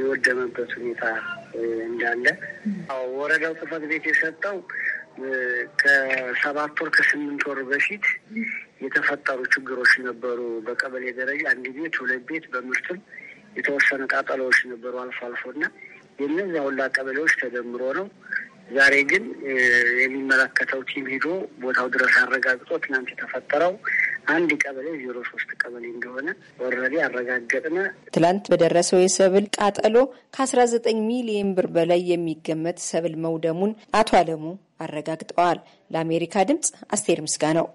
የወደመበት ሁኔታ እንዳለ ወረዳው ጽሕፈት ቤት የሰጠው ከሰባት ወር ከስምንት ወር በፊት የተፈጠሩ ችግሮች ነበሩ። በቀበሌ ደረጃ አንድ ቤት፣ ሁለት ቤት በምርትም የተወሰነ ቃጠሎዎች ነበሩ አልፎ አልፎ እና የእነዚያ ሁላ ቀበሌዎች ተደምሮ ነው። ዛሬ ግን የሚመለከተው ቲም ሂዶ ቦታው ድረስ አረጋግጦ ትናንት የተፈጠረው አንድ ቀበሌ ዜሮ ሶስት ቀበሌ እንደሆነ ወረዴ አረጋገጥነ። ትላንት በደረሰው የሰብል ቃጠሎ ከአስራ ዘጠኝ ሚሊየን ብር በላይ የሚገመት ሰብል መውደሙን አቶ አለሙ አረጋግጠዋል። ለአሜሪካ ድምፅ አስቴር ምስጋ ነው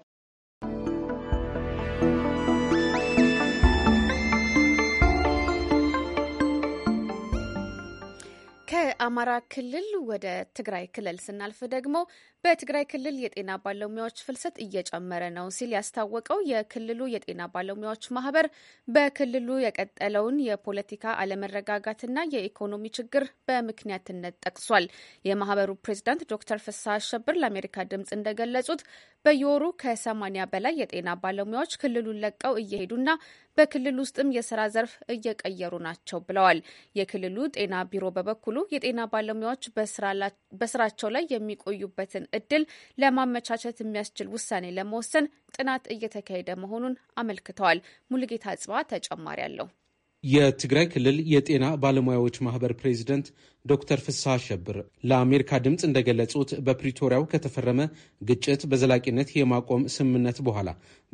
ከአማራ ክልል ወደ ትግራይ ክልል ስናልፍ ደግሞ በትግራይ ክልል የጤና ባለሙያዎች ፍልሰት እየጨመረ ነው ሲል ያስታወቀው የክልሉ የጤና ባለሙያዎች ማህበር በክልሉ የቀጠለውን የፖለቲካ አለመረጋጋትና የኢኮኖሚ ችግር በምክንያትነት ጠቅሷል። የማህበሩ ፕሬዚዳንት ዶክተር ፍስሐ አሸብር ለአሜሪካ ድምፅ እንደገለጹት በየወሩ ከ ከሰማኒያ በላይ የጤና ባለሙያዎች ክልሉን ለቀው እየሄዱና በክልል ውስጥም የስራ ዘርፍ እየቀየሩ ናቸው ብለዋል። የክልሉ ጤና ቢሮ በበኩሉ የጤና ባለሙያዎች በስራቸው ላይ የሚቆዩበትን እድል ለማመቻቸት የሚያስችል ውሳኔ ለመወሰን ጥናት እየተካሄደ መሆኑን አመልክተዋል። ሙልጌታ ጽባ ተጨማሪ አለው። የትግራይ ክልል የጤና ባለሙያዎች ማህበር ፕሬዚደንት ዶክተር ፍስሐ አሸብር ለአሜሪካ ድምፅ እንደገለጹት በፕሪቶሪያው ከተፈረመ ግጭት በዘላቂነት የማቆም ስምምነት በኋላ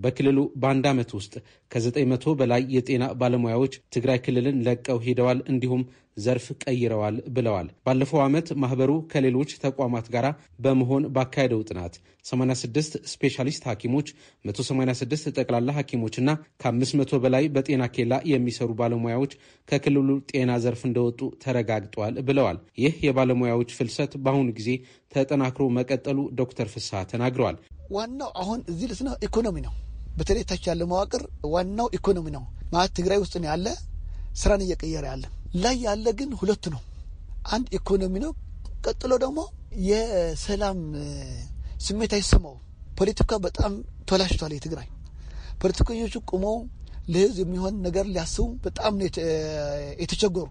በክልሉ በአንድ ዓመት ውስጥ ከዘጠኝ መቶ በላይ የጤና ባለሙያዎች ትግራይ ክልልን ለቀው ሄደዋል እንዲሁም ዘርፍ ቀይረዋል ብለዋል። ባለፈው ዓመት ማህበሩ ከሌሎች ተቋማት ጋር በመሆን ባካሄደው ጥናት 86 ስፔሻሊስት ሐኪሞች፣ 186 ጠቅላላ ሐኪሞችና ከ500 በላይ በጤና ኬላ የሚሰሩ ባለሙያዎች ከክልሉ ጤና ዘርፍ እንደወጡ ተረጋግጧል ብለዋል። ይህ የባለሙያዎች ፍልሰት በአሁኑ ጊዜ ተጠናክሮ መቀጠሉ ዶክተር ፍስሐ ተናግረዋል። ዋናው አሁን እዚህ ልስና ኢኮኖሚ ነው። በተለይ ታች ያለው መዋቅር ዋናው ኢኮኖሚ ነው ማለት ትግራይ ውስጥ ነው ያለ ስራን እየቀየረ ያለ ላይ ያለ ግን ሁለቱ ነው። አንድ ኢኮኖሚ ነው። ቀጥሎ ደግሞ የሰላም ስሜት አይሰማው። ፖለቲካ በጣም ተላሽቷል። የትግራይ ፖለቲከኞቹ ቁሞ ለህዝብ የሚሆን ነገር ሊያስቡ በጣም ነው የተቸገሩ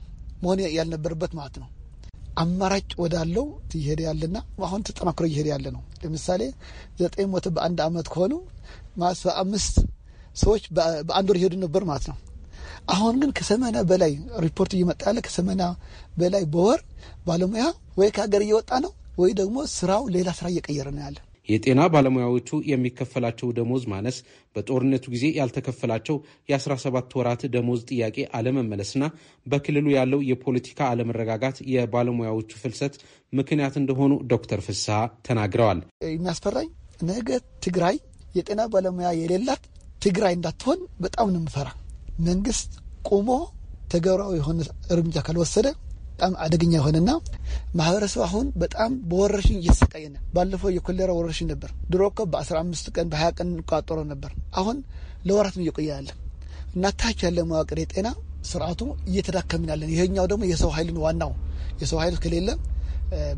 መሆን ያልነበረበት ማለት ነው። አማራጭ ወዳለው እየሄደ ያለና አሁን ተጠናክሮ እየሄደ ያለ ነው። ለምሳሌ ዘጠኝ መቶ በአንድ አመት ከሆኑ ሰባ አምስት ሰዎች በአንድ ወር ይሄዱ ነበር ማለት ነው። አሁን ግን ከሰመና በላይ ሪፖርት እየመጣ ያለ ከሰመና በላይ በወር ባለሙያ ወይ ከሀገር እየወጣ ነው ወይ ደግሞ ስራው ሌላ ስራ እየቀየረ ነው ያለ። የጤና ባለሙያዎቹ የሚከፈላቸው ደሞዝ ማነስ፣ በጦርነቱ ጊዜ ያልተከፈላቸው የ17 ወራት ደሞዝ ጥያቄ አለመመለስና በክልሉ ያለው የፖለቲካ አለመረጋጋት የባለሙያዎቹ ፍልሰት ምክንያት እንደሆኑ ዶክተር ፍስሐ ተናግረዋል። የሚያስፈራኝ ነገ ትግራይ የጤና ባለሙያ የሌላት ትግራይ እንዳትሆን በጣም ነው የምፈራ መንግስት ቁሞ ተገብራዊ የሆነ እርምጃ ካልወሰደ በጣም አደገኛ የሆነና ማህበረሰብ አሁን በጣም በወረርሽኝ እየተሰቃየነ። ባለፈው የኮሌራ ወረርሽኝ ነበር። ድሮ እኮ በ15 ቀን በ ቀን ቋጠሮ ነበር። አሁን ለወራትም እየቆየ ያለ እና ታች ያለ መዋቅር የጤና ስርዓቱ እየተዳከምን ያለን። ይሄኛው ደግሞ የሰው ኃይልን ዋናው የሰው ኃይል ከሌለ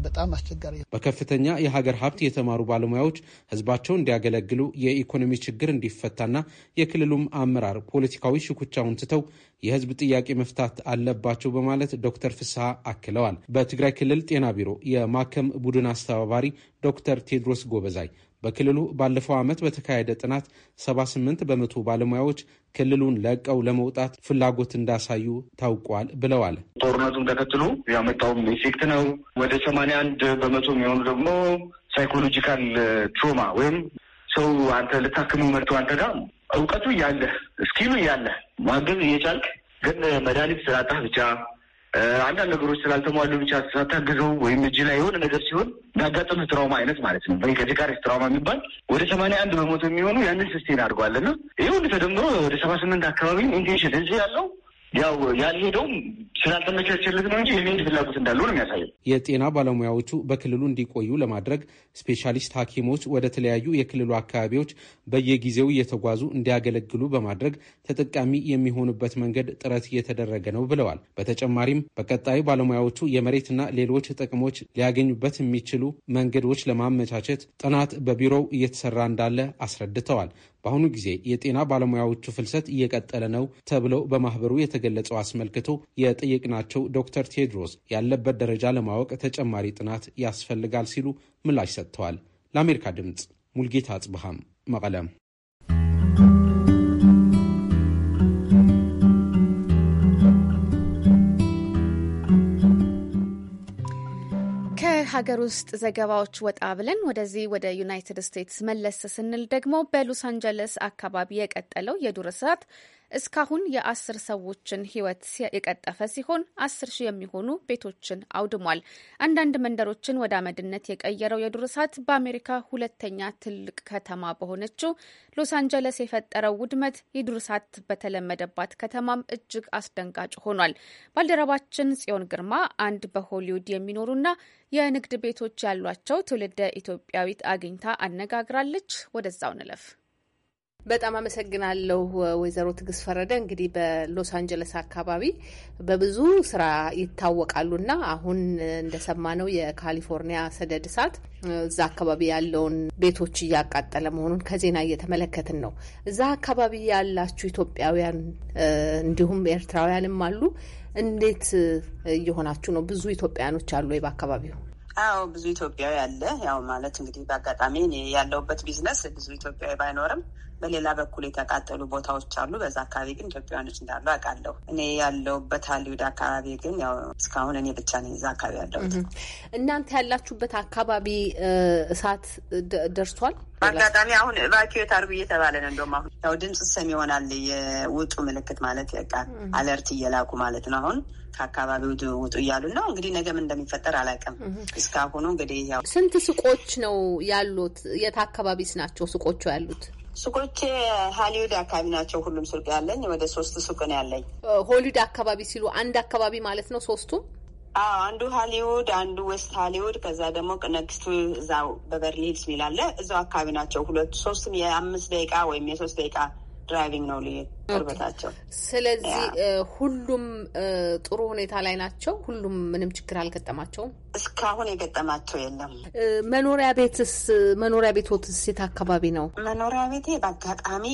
በጣም አስቸጋሪ። በከፍተኛ የሀገር ሀብት የተማሩ ባለሙያዎች ህዝባቸው እንዲያገለግሉ የኢኮኖሚ ችግር እንዲፈታና የክልሉም አመራር ፖለቲካዊ ሽኩቻውን ትተው የህዝብ ጥያቄ መፍታት አለባቸው በማለት ዶክተር ፍስሐ አክለዋል። በትግራይ ክልል ጤና ቢሮ የማከም ቡድን አስተባባሪ ዶክተር ቴድሮስ ጎበዛይ በክልሉ ባለፈው ዓመት በተካሄደ ጥናት 78 በመቶ ባለሙያዎች ክልሉን ለቀው ለመውጣት ፍላጎት እንዳሳዩ ታውቋል ብለዋል። ጦርነቱን ተከትሎ ያመጣውም ኢፌክት ነው። ወደ 81 በመቶ የሚሆኑ ደግሞ ሳይኮሎጂካል ትሮማ ወይም ሰው አንተ ልታክመው መጥቶ አንተ ጋር እውቀቱ እያለህ እስኪሉ እያለህ ማገዝ እየቻልክ ግን መድኃኒት ስላጣህ ብቻ አንዳንድ ነገሮች ስላልተሟሉ ብቻ ሳታግዘው ወይም እጅ ላይ የሆነ ነገር ሲሆን እንዳጋጠመ ትራውማ አይነት ማለት ነው። ወይ ከዲካሪስ ትራውማ የሚባል ወደ ሰማንያ አንድ በመቶ የሚሆኑ ያንን ስስቴን አድርጓል ና ይህ ሁሉ ተደምሮ ወደ ሰባ ስምንት አካባቢ ኢንቴንሽን እዚህ ያለው ያው ያልሄደውም ስላልተመቻቸለት ነው እንጂ የመሄድ ፍላጎት እንዳለው ነው የሚያሳየው። የጤና ባለሙያዎቹ በክልሉ እንዲቆዩ ለማድረግ ስፔሻሊስት ሐኪሞች ወደ ተለያዩ የክልሉ አካባቢዎች በየጊዜው እየተጓዙ እንዲያገለግሉ በማድረግ ተጠቃሚ የሚሆኑበት መንገድ ጥረት እየተደረገ ነው ብለዋል። በተጨማሪም በቀጣዩ ባለሙያዎቹ የመሬትና ሌሎች ጥቅሞች ሊያገኙበት የሚችሉ መንገዶች ለማመቻቸት ጥናት በቢሮው እየተሰራ እንዳለ አስረድተዋል። በአሁኑ ጊዜ የጤና ባለሙያዎቹ ፍልሰት እየቀጠለ ነው ተብሎ በማህበሩ የተገለጸው አስመልክቶ የጠየቅናቸው ዶክተር ቴድሮስ ያለበት ደረጃ ለማወቅ ተጨማሪ ጥናት ያስፈልጋል ሲሉ ምላሽ ሰጥተዋል። ለአሜሪካ ድምፅ ሙልጌታ አጽብሃም መቀለም ከሀገር ውስጥ ዘገባዎች ወጣ ብለን ወደዚህ ወደ ዩናይትድ ስቴትስ መለስ ስንል ደግሞ በሎስ አንጀለስ አካባቢ የቀጠለው የዱር እሳት እስካሁን የአስር ሰዎችን ሕይወት የቀጠፈ ሲሆን አስር ሺህ የሚሆኑ ቤቶችን አውድሟል። አንዳንድ መንደሮችን ወደ አመድነት የቀየረው የዱር እሳት በአሜሪካ ሁለተኛ ትልቅ ከተማ በሆነችው ሎስ አንጀለስ የፈጠረው ውድመት የዱር እሳት በተለመደባት ከተማም እጅግ አስደንጋጭ ሆኗል። ባልደረባችን ጽዮን ግርማ አንድ በሆሊውድ የሚኖሩና የንግድ ቤቶች ያሏቸው ትውልደ ኢትዮጵያዊት አግኝታ አነጋግራለች። ወደዛው ንለፍ። በጣም አመሰግናለሁ ወይዘሮ ትግስት ፈረደ። እንግዲህ በሎስ አንጀለስ አካባቢ በብዙ ስራ ይታወቃሉና አሁን እንደሰማነው የካሊፎርኒያ ሰደድ እሳት እዛ አካባቢ ያለውን ቤቶች እያቃጠለ መሆኑን ከዜና እየተመለከትን ነው። እዛ አካባቢ ያላችሁ ኢትዮጵያውያን እንዲሁም ኤርትራውያንም አሉ። እንዴት እየሆናችሁ ነው? ብዙ ኢትዮጵያውያኖች አሉ ወይ በአካባቢው? አዎ ብዙ ኢትዮጵያዊ አለ። ያው ማለት እንግዲህ በአጋጣሚ ያለውበት ቢዝነስ ብዙ ኢትዮጵያዊ ባይኖርም በሌላ በኩል የተቃጠሉ ቦታዎች አሉ። በዛ አካባቢ ግን ኢትዮጵያውያኖች እንዳሉ አውቃለሁ። እኔ ያለውበት ሀሊውድ አካባቢ ግን ያው እስካሁን እኔ ብቻ ነኝ እዛ አካባቢ ያለሁት። እናንተ ያላችሁበት አካባቢ እሳት ደርሷል? በአጋጣሚ አሁን ኤቫኪዌት አድርጉ እየተባለ ነው። እንደውም አሁን ያው ድምፅ ሰሚ ይሆናል የውጡ ምልክት ማለት ያውቃል አለርት እየላኩ ማለት ነው አሁን ከአካባቢው ውጡ እያሉ ነው። እንግዲህ ነገም እንደሚፈጠር አላውቅም። እስካሁኑ እንግዲህ ያው ስንት ሱቆች ነው ያሉት? የት አካባቢስ ናቸው ሱቆቹ ያሉት? ሱቆች ሆሊውድ አካባቢ ናቸው። ሁሉም ሱቅ ያለኝ ወደ ሶስት ሱቅ ነው ያለኝ። ሆሊውድ አካባቢ ሲሉ አንድ አካባቢ ማለት ነው ሶስቱም? አዎ አንዱ ሆሊውድ፣ አንዱ ዌስት ሆሊውድ፣ ከዛ ደግሞ ነግስቱ እዛው በበርሊ ሂልስ የሚል እዛው አካባቢ ናቸው ሁለቱ። ሶስትም የአምስት ደቂቃ ወይም የሶስት ደቂቃ ድራይቪንግ ነው ልዩ ቅርበታቸው። ስለዚህ ሁሉም ጥሩ ሁኔታ ላይ ናቸው። ሁሉም ምንም ችግር አልገጠማቸውም። እስካሁን የገጠማቸው የለም። መኖሪያ ቤትስ መኖሪያ ቤትዎትስ የት አካባቢ ነው? መኖሪያ ቤቴ በአጋጣሚ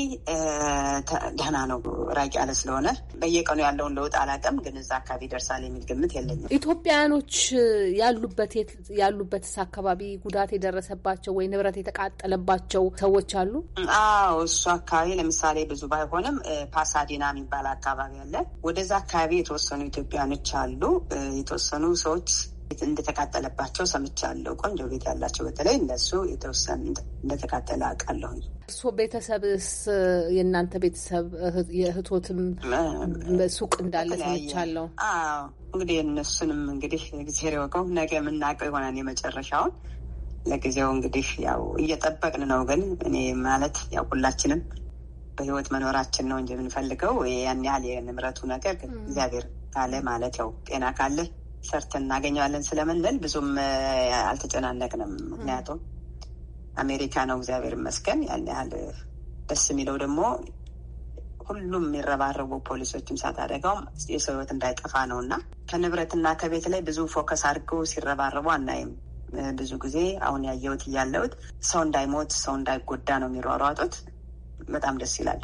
ደህና ነው። ራቅ ያለ ስለሆነ በየቀኑ ያለውን ለውጥ አላውቅም፣ ግን እዛ አካባቢ ይደርሳል የሚል ግምት የለኝም። ኢትዮጵያውያኖች ያሉበት ያሉበትስ አካባቢ ጉዳት የደረሰባቸው ወይ ንብረት የተቃጠለባቸው ሰዎች አሉ? አዎ እሱ አካባቢ ለምሳሌ ብዙ ባይሆንም ፓሳዲና የሚባል አካባቢ አለ። ወደዛ አካባቢ የተወሰኑ ኢትዮጵያኖች አሉ። የተወሰኑ ሰዎች እንደተቃጠለባቸው ሰምቻለሁ። ቆንጆ ቤት ያላቸው በተለይ እነሱ የተወሰኑ እንደተቃጠለ አውቃለሁ። እርስዎ ቤተሰብስ የእናንተ ቤተሰብ የእህቶትም ሱቅ እንዳለ ሰምቻለሁ። እንግዲህ እነሱንም እንግዲህ እግዚአብሔር ይወቀው ነገ የምናውቀው ይሆናል የመጨረሻውን። ለጊዜው እንግዲህ ያው እየጠበቅን ነው። ግን እኔ ማለት ያው ሁላችንም በህይወት መኖራችን ነው እንጂ የምንፈልገው ያን ያህል የንምረቱ ነገር ግን እግዚአብሔር ካለ ማለት ያው ጤና ካለ ሰርተን እናገኘዋለን ስለምንል ብዙም አልተጨናነቅንም። ምክንያቱም አሜሪካ ነው እግዚአብሔር ይመስገን። ያን ያህል ደስ የሚለው ደግሞ ሁሉም የሚረባረቡ ፖሊሶችም ሳት አደጋውም የሰው ህይወት እንዳይጠፋ ነው እና ከንብረትና ከቤት ላይ ብዙ ፎከስ አድርገው ሲረባረቡ አናይም። ብዙ ጊዜ አሁን ያየሁት እያለሁት ሰው እንዳይሞት ሰው እንዳይጎዳ ነው የሚሯሯጡት። በጣም ደስ ይላል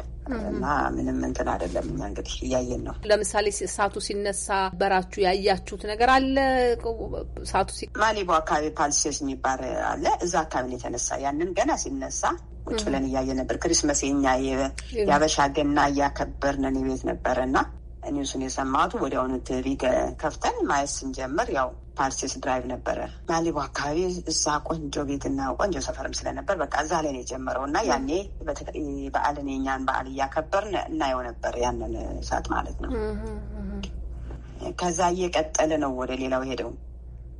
እና ምንም እንትን አይደለም። እንግዲህ እያየን ነው። ለምሳሌ እሳቱ ሲነሳ በራችሁ ያያችሁት ነገር አለ? እሳቱ ሲ ማሊቦ አካባቢ ፓልሴስ የሚባል አለ። እዛ አካባቢ የተነሳ። ያንን ገና ሲነሳ ውጭ ብለን እያየን ነበር። ክሪስመስ የኛ የአበሻ ገና እያከበርነን ቤት ነበረ እና ኒውሱን የሰማሁት ወዲያውኑ ቲቪ ከፍተን ማየት ስንጀምር ያው ፓርሲስ ድራይቭ ነበረ ማሊቡ አካባቢ እዛ ቆንጆ ቤትና ቆንጆ ሰፈርም ስለነበር በቃ እዛ ላይ ነው የጀመረው እና ያኔ በዓልን የኛን በዓል እያከበርን እናየው ነበር ያንን ሰዓት ማለት ነው። ከዛ እየቀጠለ ነው ወደ ሌላው ሄደው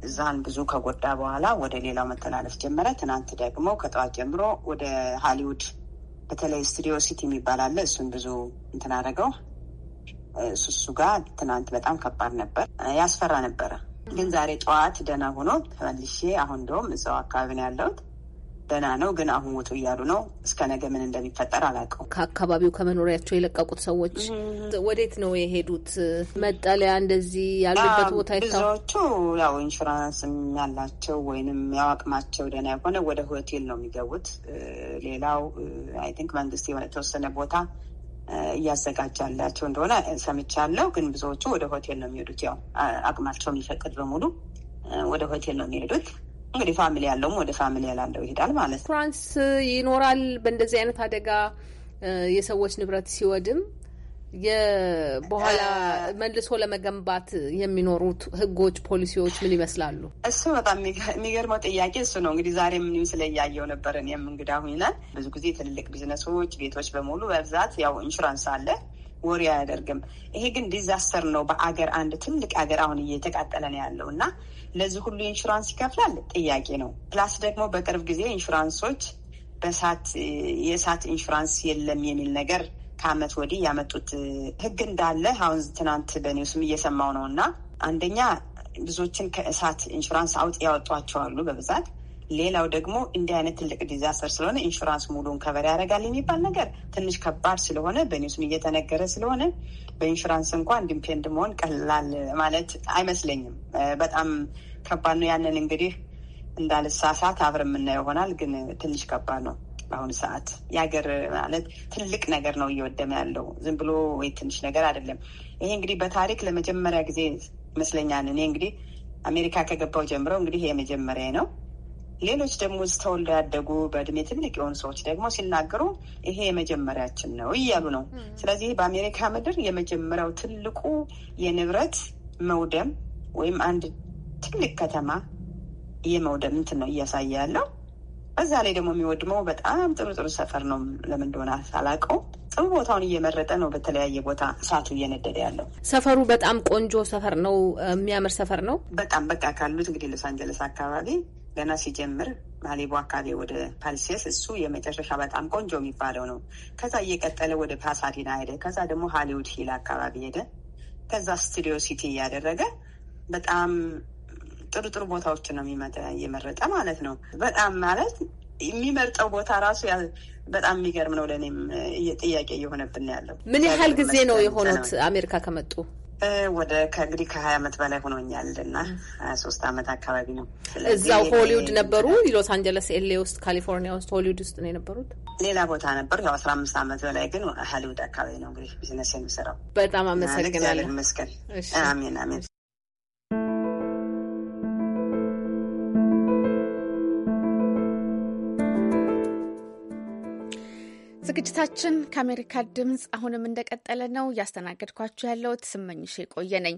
እዛን ብዙ ከጎዳ በኋላ ወደ ሌላው መተላለፍ ጀመረ። ትናንት ደግሞ ከጠዋት ጀምሮ ወደ ሀሊውድ በተለይ ስቱዲዮ ሲቲ የሚባል አለ። እሱን ብዙ እንትን አደረገው እሱ ጋር ትናንት በጣም ከባድ ነበር፣ ያስፈራ ነበረ። ግን ዛሬ ጠዋት ደህና ሆኖ ተመልሼ አሁን እንደውም እዛው አካባቢ ነው ያለሁት። ደህና ነው፣ ግን አሁን ውጡ እያሉ ነው። እስከ ነገ ምን እንደሚፈጠር አላውቀውም። ከአካባቢው ከመኖሪያቸው የለቀቁት ሰዎች ወዴት ነው የሄዱት? መጠለያ እንደዚህ ያሉበት ቦታ ብዙዎቹ ያው ኢንሹራንስ ያላቸው ወይንም ያው አቅማቸው ደህና የሆነ ወደ ሆቴል ነው የሚገቡት። ሌላው አይ ቲንክ መንግስት የሆነ የተወሰነ ቦታ እያዘጋጃላቸው እንደሆነ ሰምቻለሁ። ግን ብዙዎቹ ወደ ሆቴል ነው የሚሄዱት። ያው አቅማቸው የሚፈቅድ በሙሉ ወደ ሆቴል ነው የሚሄዱት። እንግዲህ ፋሚሊ ያለውም ወደ ፋሚሊ ያላለው ይሄዳል ማለት ነው። ፍራንስ ይኖራል በእንደዚህ አይነት አደጋ የሰዎች ንብረት ሲወድም በኋላ መልሶ ለመገንባት የሚኖሩት ህጎች፣ ፖሊሲዎች ምን ይመስላሉ? እሱ በጣም የሚገርመው ጥያቄ እሱ ነው። እንግዲህ ዛሬ ምን ስለ እያየው ነበር እኔም እንግዳ ብዙ ጊዜ ትልልቅ ቢዝነሶች ቤቶች በሙሉ በብዛት ያው ኢንሹራንስ አለ ወሬ አያደርግም። ይሄ ግን ዲዛስተር ነው በአገር አንድ ትልቅ ሀገር አሁን እየተቃጠለ ነው ያለው እና ለዚህ ሁሉ ኢንሹራንስ ይከፍላል ጥያቄ ነው። ፕላስ ደግሞ በቅርብ ጊዜ ኢንሹራንሶች በእሳት የእሳት ኢንሹራንስ የለም የሚል ነገር ከአመት ወዲህ ያመጡት ህግ እንዳለ አሁን ትናንት በኒውስም እየሰማው ነው እና አንደኛ ብዙዎችን ከእሳት ኢንሹራንስ አውጥ ያወጧቸዋሉ በብዛት ሌላው ደግሞ እንዲህ አይነት ትልቅ ዲዛስተር ስለሆነ ኢንሹራንስ ሙሉን ከበር ያደርጋል የሚባል ነገር ትንሽ ከባድ ስለሆነ በኒውስም እየተነገረ ስለሆነ በኢንሹራንስ እንኳን ዲፔንድ መሆን ቀላል ማለት አይመስለኝም። በጣም ከባድ ነው። ያንን እንግዲህ እንዳልሳሳት አብር የምናየው ይሆናል። ግን ትንሽ ከባድ ነው። በአሁኑ ሰዓት የሀገር ማለት ትልቅ ነገር ነው እየወደመ ያለው ዝም ብሎ ወይ ትንሽ ነገር አይደለም። ይሄ እንግዲህ በታሪክ ለመጀመሪያ ጊዜ ይመስለኛል። እኔ እንግዲህ አሜሪካ ከገባው ጀምሮ እንግዲህ የመጀመሪያ ነው። ሌሎች ደግሞ ተወልደው ያደጉ በእድሜ ትልቅ የሆኑ ሰዎች ደግሞ ሲናገሩ ይሄ የመጀመሪያችን ነው እያሉ ነው። ስለዚህ በአሜሪካ ምድር የመጀመሪያው ትልቁ የንብረት መውደም ወይም አንድ ትልቅ ከተማ የመውደም እንትን ነው እያሳየ ያለው። እዛ ላይ ደግሞ የሚወድመው በጣም ጥሩ ጥሩ ሰፈር ነው። ለምን እንደሆነ ሳላውቀው ጥሩ ቦታውን እየመረጠ ነው በተለያየ ቦታ እሳቱ እየነደደ ያለው። ሰፈሩ በጣም ቆንጆ ሰፈር ነው። የሚያምር ሰፈር ነው። በጣም በቃ ካሉት እንግዲህ ሎስ አንጀለስ አካባቢ ገና ሲጀምር ማሌቦ አካባቢ ወደ ፓልሴስ እሱ የመጨረሻ በጣም ቆንጆ የሚባለው ነው። ከዛ እየቀጠለ ወደ ፓሳዲና ሄደ። ከዛ ደግሞ ሀሊውድ ሂል አካባቢ ሄደ። ከዛ ስቱዲዮ ሲቲ እያደረገ በጣም ጥሩ ጥሩ ቦታዎችን ነው የመረጠ ማለት ነው። በጣም ማለት የሚመርጠው ቦታ ራሱ በጣም የሚገርም ነው። ለእኔም ጥያቄ እየሆነብን ያለው ምን ያህል ጊዜ ነው የሆኑት አሜሪካ ከመጡ? ወደ ከእንግዲህ ከሀያ አመት በላይ ሆኖኛል እና ሀያ ሶስት አመት አካባቢ ነው። እዛው ሆሊውድ ነበሩ ሎስ አንጀለስ፣ ኤሌ ውስጥ፣ ካሊፎርኒያ ውስጥ ሆሊውድ ውስጥ ነው የነበሩት። ሌላ ቦታ ነበሩ ያው አስራ አምስት አመት በላይ ግን ሀሊውድ አካባቢ ነው እንግዲህ ቢዝነስ የሚሰራው። በጣም አመሰግናለሁ። መስገን አሜን አሜን። ዝግጅታችን ከአሜሪካ ድምፅ አሁንም እንደቀጠለ ነው። እያስተናገድኳችሁ ያለውት ስመኝሽ የቆየ ነኝ።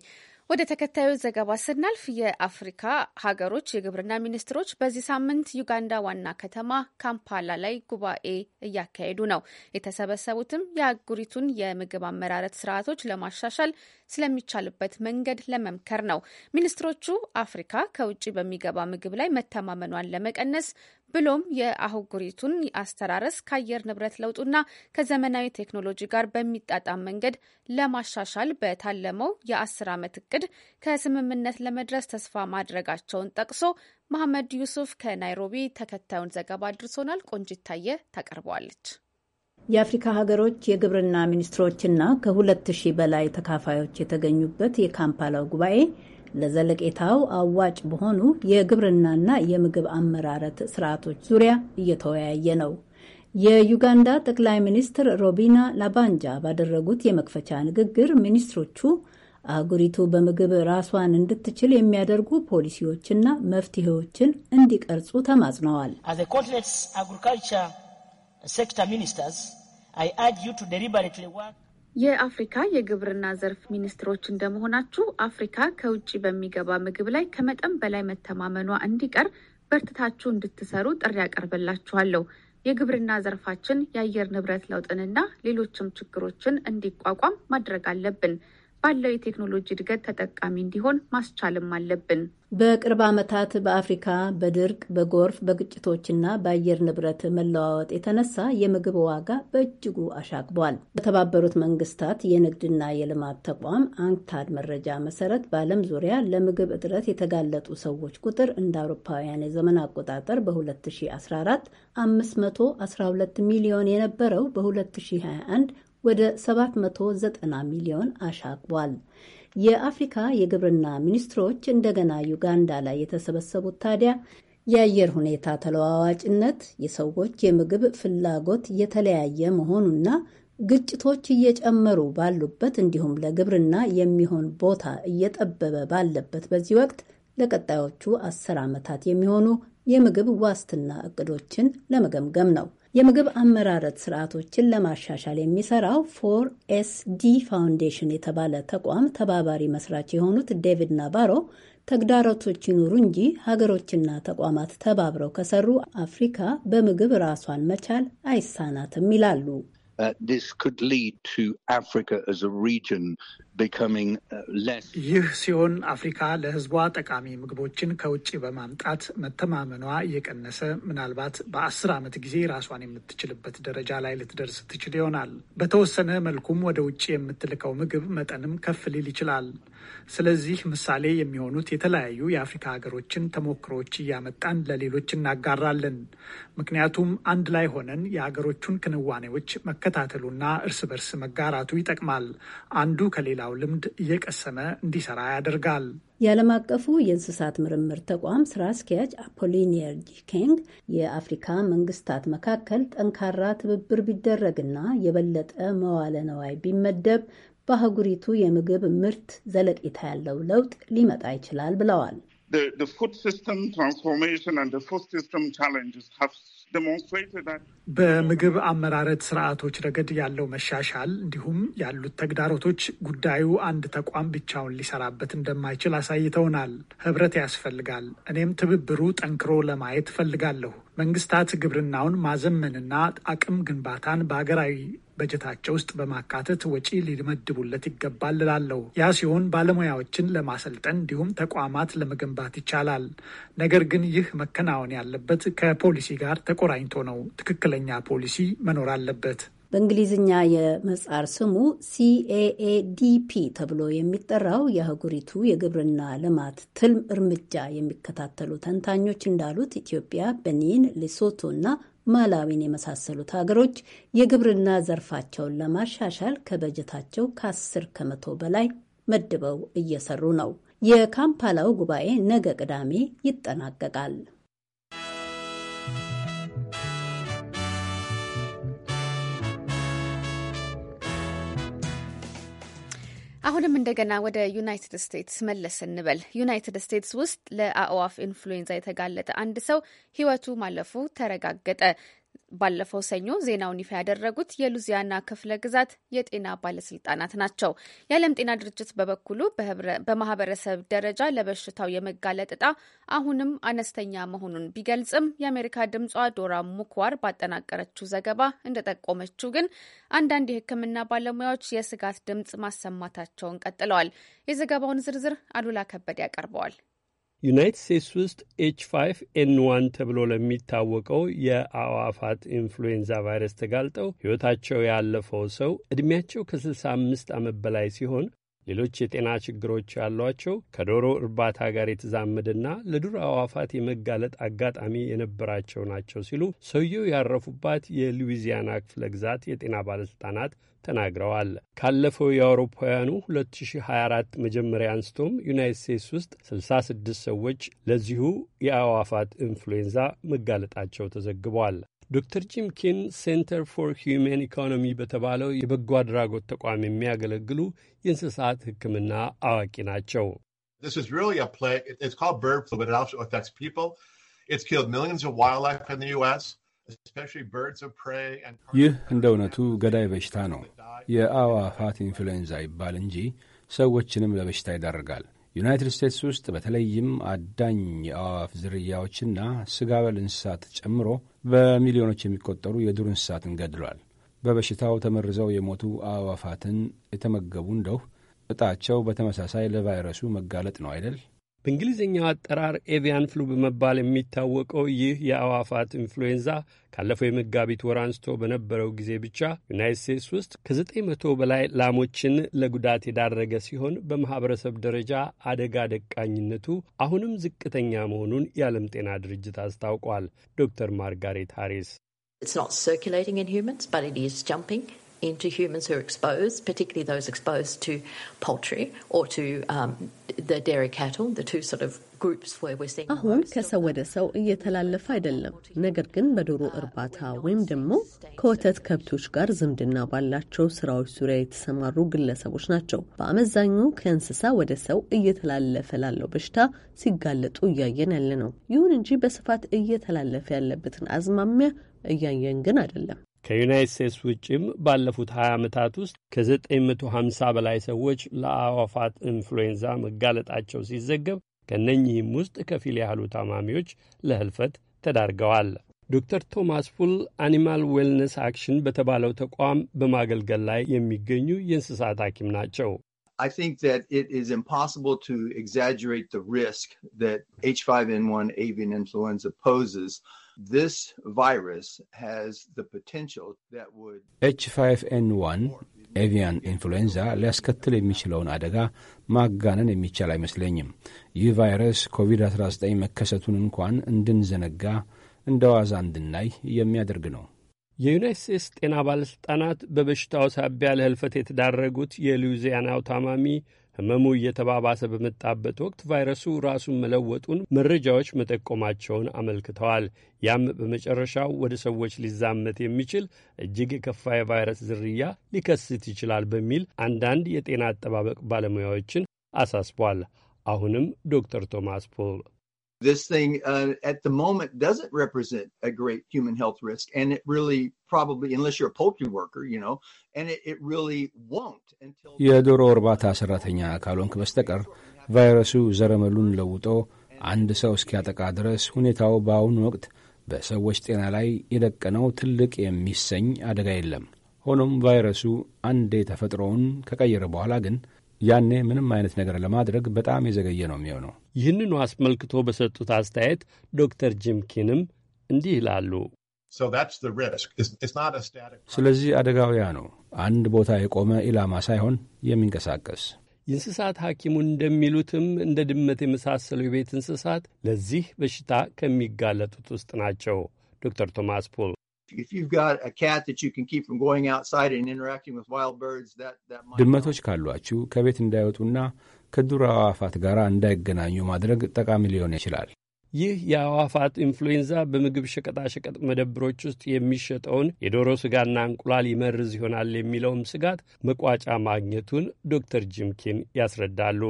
ወደ ተከታዩ ዘገባ ስናልፍ የአፍሪካ ሀገሮች የግብርና ሚኒስትሮች በዚህ ሳምንት ዩጋንዳ ዋና ከተማ ካምፓላ ላይ ጉባኤ እያካሄዱ ነው። የተሰበሰቡትም የአህጉሪቱን የምግብ አመራረት ስርዓቶች ለማሻሻል ስለሚቻልበት መንገድ ለመምከር ነው። ሚኒስትሮቹ አፍሪካ ከውጭ በሚገባ ምግብ ላይ መተማመኗን ለመቀነስ ብሎም የአህጉሪቱን አስተራረስ ከአየር ንብረት ለውጡና ከዘመናዊ ቴክኖሎጂ ጋር በሚጣጣም መንገድ ለማሻሻል በታለመው የአስር ዓመት እቅድ ከስምምነት ለመድረስ ተስፋ ማድረጋቸውን ጠቅሶ መሐመድ ዩሱፍ ከናይሮቢ ተከታዩን ዘገባ አድርሶናል። ቆንጂታየ ታቀርበዋለች። የአፍሪካ ሀገሮች የግብርና ሚኒስትሮችና ከሁለት ሺህ በላይ ተካፋዮች የተገኙበት የካምፓላው ጉባኤ ለዘለቄታው አዋጭ በሆኑ የግብርናና የምግብ አመራረት ስርዓቶች ዙሪያ እየተወያየ ነው። የዩጋንዳ ጠቅላይ ሚኒስትር ሮቢና ላባንጃ ባደረጉት የመክፈቻ ንግግር ሚኒስትሮቹ አህጉሪቱ በምግብ ራሷን እንድትችል የሚያደርጉ ፖሊሲዎችና መፍትሄዎችን እንዲቀርጹ ተማጽነዋል። ሴክተር ሚኒስተርስ የአፍሪካ የግብርና ዘርፍ ሚኒስትሮች እንደመሆናችሁ አፍሪካ ከውጭ በሚገባ ምግብ ላይ ከመጠን በላይ መተማመኗ እንዲቀር በርትታችሁ እንድትሰሩ ጥሪ ያቀርብላችኋለሁ። የግብርና ዘርፋችን የአየር ንብረት ለውጥንና ሌሎችም ችግሮችን እንዲቋቋም ማድረግ አለብን። ባለው የቴክኖሎጂ እድገት ተጠቃሚ እንዲሆን ማስቻልም አለብን። በቅርብ ዓመታት በአፍሪካ በድርቅ፣ በጎርፍ፣ በግጭቶችና በአየር ንብረት መለዋወጥ የተነሳ የምግብ ዋጋ በእጅጉ አሻቅቧል። በተባበሩት መንግስታት የንግድና የልማት ተቋም አንክታድ መረጃ መሰረት በዓለም ዙሪያ ለምግብ እጥረት የተጋለጡ ሰዎች ቁጥር እንደ አውሮፓውያን የዘመን አቆጣጠር በ2014 512 ሚሊዮን የነበረው በ2021 ወደ 790 ሚሊዮን አሻግቧል። የአፍሪካ የግብርና ሚኒስትሮች እንደገና ዩጋንዳ ላይ የተሰበሰቡት ታዲያ የአየር ሁኔታ ተለዋዋጭነት፣ የሰዎች የምግብ ፍላጎት የተለያየ መሆኑና ግጭቶች እየጨመሩ ባሉበት እንዲሁም ለግብርና የሚሆን ቦታ እየጠበበ ባለበት በዚህ ወቅት ለቀጣዮቹ አስር ዓመታት የሚሆኑ የምግብ ዋስትና እቅዶችን ለመገምገም ነው። የምግብ አመራረት ስርዓቶችን ለማሻሻል የሚሰራው ፎር ኤስዲ ፋውንዴሽን የተባለ ተቋም ተባባሪ መስራች የሆኑት ዴቪድ ናባሮ ተግዳሮቶች ይኑሩ እንጂ ሀገሮችና ተቋማት ተባብረው ከሰሩ አፍሪካ በምግብ ራሷን መቻል አይሳናትም ይላሉ። uh, Uh, ይህ ሲሆን አፍሪካ ለሕዝቧ ጠቃሚ ምግቦችን ከውጭ በማምጣት መተማመኗ እየቀነሰ ምናልባት በአስር ዓመት ጊዜ ራሷን የምትችልበት ደረጃ ላይ ልትደርስ ትችል ይሆናል። በተወሰነ መልኩም ወደ ውጭ የምትልከው ምግብ መጠንም ከፍ ሊል ይችላል። ስለዚህ ምሳሌ የሚሆኑት የተለያዩ የአፍሪካ ሀገሮችን ተሞክሮዎች እያመጣን ለሌሎች እናጋራለን። ምክንያቱም አንድ ላይ ሆነን የሀገሮቹን ክንዋኔዎች መከታተሉና እርስ በርስ መጋራቱ ይጠቅማል። አንዱ ከሌላ የጤናው ልምድ እየቀሰመ እንዲሰራ ያደርጋል። የዓለም አቀፉ የእንስሳት ምርምር ተቋም ስራ አስኪያጅ አፖሊኒየር ጂኬንግ የአፍሪካ መንግስታት መካከል ጠንካራ ትብብር ቢደረግና የበለጠ መዋለ ነዋይ ቢመደብ በአህጉሪቱ የምግብ ምርት ዘለቄታ ያለው ለውጥ ሊመጣ ይችላል ብለዋል። the, the food system transformation and the food system challenges have በምግብ አመራረት ስርዓቶች ረገድ ያለው መሻሻል እንዲሁም ያሉት ተግዳሮቶች ጉዳዩ አንድ ተቋም ብቻውን ሊሰራበት እንደማይችል አሳይተውናል። ህብረት ያስፈልጋል። እኔም ትብብሩ ጠንክሮ ለማየት እፈልጋለሁ። መንግስታት ግብርናውን ማዘመንና አቅም ግንባታን በሀገራዊ በጀታቸው ውስጥ በማካተት ወጪ ሊመድቡለት ይገባል እላለሁ። ያ ሲሆን ባለሙያዎችን ለማሰልጠን እንዲሁም ተቋማት ለመገንባት ይቻላል። ነገር ግን ይህ መከናወን ያለበት ከፖሊሲ ጋር ተቆራኝቶ ነው። ትክክለኛ ፖሊሲ መኖር አለበት። በእንግሊዝኛ የመጻር ስሙ ሲኤኤዲፒ ተብሎ የሚጠራው የአህጉሪቱ የግብርና ልማት ትልም እርምጃ የሚከታተሉ ተንታኞች እንዳሉት ኢትዮጵያ፣ በኒን፣ ሌሶቶ እና ማላዊን የመሳሰሉት ሀገሮች የግብርና ዘርፋቸውን ለማሻሻል ከበጀታቸው ከአስር ከመቶ በላይ መድበው እየሰሩ ነው። የካምፓላው ጉባኤ ነገ ቅዳሜ ይጠናቀቃል። አሁንም እንደገና ወደ ዩናይትድ ስቴትስ መለስ እንበል። ዩናይትድ ስቴትስ ውስጥ ለአእዋፍ ኢንፍሉዌንዛ የተጋለጠ አንድ ሰው ሕይወቱ ማለፉ ተረጋገጠ። ባለፈው ሰኞ ዜናውን ይፋ ያደረጉት የሉዚያና ክፍለ ግዛት የጤና ባለስልጣናት ናቸው። የዓለም ጤና ድርጅት በበኩሉ በማህበረሰብ ደረጃ ለበሽታው የመጋለጥ ዕጣ አሁንም አነስተኛ መሆኑን ቢገልጽም የአሜሪካ ድምጿ ዶራ ሙክዋር ባጠናቀረችው ዘገባ እንደጠቆመችው ግን አንዳንድ የሕክምና ባለሙያዎች የስጋት ድምጽ ማሰማታቸውን ቀጥለዋል። የዘገባውን ዝርዝር አሉላ ከበደ ያቀርበዋል። ዩናይትድ ስቴትስ ውስጥ ኤች ፋይቭ ኤን ዋን ተብሎ ለሚታወቀው የአዕዋፋት ኢንፍሉዌንዛ ቫይረስ ተጋልጠው ሕይወታቸው ያለፈው ሰው ዕድሜያቸው ከ65 ዓመት በላይ ሲሆን ሌሎች የጤና ችግሮች ያሏቸው ከዶሮ እርባታ ጋር የተዛመደና ለዱር አዋፋት የመጋለጥ አጋጣሚ የነበራቸው ናቸው ሲሉ ሰውየው ያረፉባት የሉዊዚያና ክፍለ ግዛት የጤና ባለሥልጣናት ተናግረዋል። ካለፈው የአውሮፓውያኑ 2024 መጀመሪያ አንስቶም ዩናይት ስቴትስ ውስጥ 66 ሰዎች ለዚሁ የአዋፋት ኢንፍሉዌንዛ መጋለጣቸው ተዘግቧል። ዶክተር ጂም ኪን ሴንተር ፎር ሂዩማን ኢኮኖሚ በተባለው የበጎ አድራጎት ተቋም የሚያገለግሉ የእንስሳት ሕክምና አዋቂ ናቸው። ይህ እንደ እውነቱ ገዳይ በሽታ ነው። የአዕዋፋት ኢንፍሉዌንዛ ይባል እንጂ ሰዎችንም ለበሽታ ይዳርጋል። ዩናይትድ ስቴትስ ውስጥ በተለይም አዳኝ የአዋፍ ዝርያዎችና ስጋ በል እንስሳት ጨምሮ በሚሊዮኖች የሚቆጠሩ የዱር እንስሳትን ገድሏል። በበሽታው ተመርዘው የሞቱ አዕዋፋትን የተመገቡ እንደው እጣቸው በተመሳሳይ ለቫይረሱ መጋለጥ ነው አይደል? በእንግሊዝኛው አጠራር ኤቪያን ፍሉ በመባል የሚታወቀው ይህ የአዕዋፋት ኢንፍሉዌንዛ ካለፈው የመጋቢት ወር አንስቶ በነበረው ጊዜ ብቻ ዩናይት ስቴትስ ውስጥ ከ መቶ በላይ ላሞችን ለጉዳት የዳረገ ሲሆን በማኅበረሰብ ደረጃ አደጋ ደቃኝነቱ አሁንም ዝቅተኛ መሆኑን የዓለም ጤና ድርጅት አስታውቋል። ዶክተር ማርጋሬት ሃሪስ into humans who are exposed, particularly those exposed to poultry or to um, the dairy cattle, the two sort of አሁን ከሰው ወደ ሰው እየተላለፈ አይደለም። ነገር ግን በዶሮ እርባታ ወይም ደግሞ ከወተት ከብቶች ጋር ዝምድና ባላቸው ስራዎች ዙሪያ የተሰማሩ ግለሰቦች ናቸው በአመዛኙ ከእንስሳ ወደ ሰው እየተላለፈ ላለው በሽታ ሲጋለጡ እያየን ያለ ነው። ይሁን እንጂ በስፋት እየተላለፈ ያለበትን አዝማሚያ እያየን ግን አይደለም። ከዩናይት ስቴትስ ውጭም ባለፉት 20 ዓመታት ውስጥ ከ950 በላይ ሰዎች ለአዕዋፋት ኢንፍሉዌንዛ መጋለጣቸው ሲዘገብ ከእነኚህም ውስጥ ከፊል ያህሉ ታማሚዎች ለህልፈት ተዳርገዋል። ዶክተር ቶማስ ፑል አኒማል ዌልነስ አክሽን በተባለው ተቋም በማገልገል ላይ የሚገኙ የእንስሳት ሐኪም ናቸው። I think that it is impossible to exaggerate the risk that H5N1 avian influenza poses ኤች ፋይቭ ኤን ዋን ኤቪያን ኢንፍሉዌንዛ ሊያስከትል የሚችለውን አደጋ ማጋነን የሚቻል አይመስለኝም። ይህ ቫይረስ ኮቪድ-19 መከሰቱን እንኳን እንድንዘነጋ እንደ ዋዛ እንድናይ የሚያደርግ ነው። የዩናይት ስቴትስ ጤና ባለሥልጣናት በበሽታው ሳቢያ ለህልፈት የተዳረጉት የሉዚያናው ታማሚ ህመሙ እየተባባሰ በመጣበት ወቅት ቫይረሱ ራሱን መለወጡን መረጃዎች መጠቆማቸውን አመልክተዋል። ያም በመጨረሻው ወደ ሰዎች ሊዛመት የሚችል እጅግ የከፋ የቫይረስ ዝርያ ሊከስት ይችላል በሚል አንዳንድ የጤና አጠባበቅ ባለሙያዎችን አሳስቧል። አሁንም ዶክተር ቶማስ ፖል this thing uh, at the moment doesn't represent a great human health risk and it really probably unless you're a poultry worker you know and it, it really won't until የዶሮ እርባታ ሰራተኛ ካልሆንክ በስተቀር ቫይረሱ ዘረመሉን ለውጦ አንድ ሰው እስኪያጠቃ ድረስ ሁኔታው በአሁኑ ወቅት በሰዎች ጤና ላይ የደቀነው ትልቅ የሚሰኝ አደጋ የለም። ሆኖም ቫይረሱ አንዴ ተፈጥሮውን ከቀየረ በኋላ ግን ያኔ ምንም አይነት ነገር ለማድረግ በጣም የዘገየ ነው የሚሆነው። ይህንኑ አስመልክቶ በሰጡት አስተያየት ዶክተር ጂም ኪንም እንዲህ ይላሉ። ስለዚህ አደጋው ያ ነው፣ አንድ ቦታ የቆመ ኢላማ ሳይሆን የሚንቀሳቀስ የእንስሳት ሐኪሙን እንደሚሉትም እንደ ድመት የመሳሰሉ የቤት እንስሳት ለዚህ በሽታ ከሚጋለጡት ውስጥ ናቸው። ዶክተር ቶማስ ፖል ድመቶች ካሏችሁ ከቤት እንዳይወጡና ከዱር አዕዋፋት ጋር እንዳይገናኙ ማድረግ ጠቃሚ ሊሆን ይችላል። ይህ የአዕዋፋት ኢንፍሉዌንዛ በምግብ ሸቀጣሸቀጥ መደብሮች ውስጥ የሚሸጠውን የዶሮ ስጋና እንቁላል ይመርዝ ይሆናል የሚለውም ስጋት መቋጫ ማግኘቱን ዶክተር ጂምኪን ያስረዳሉ።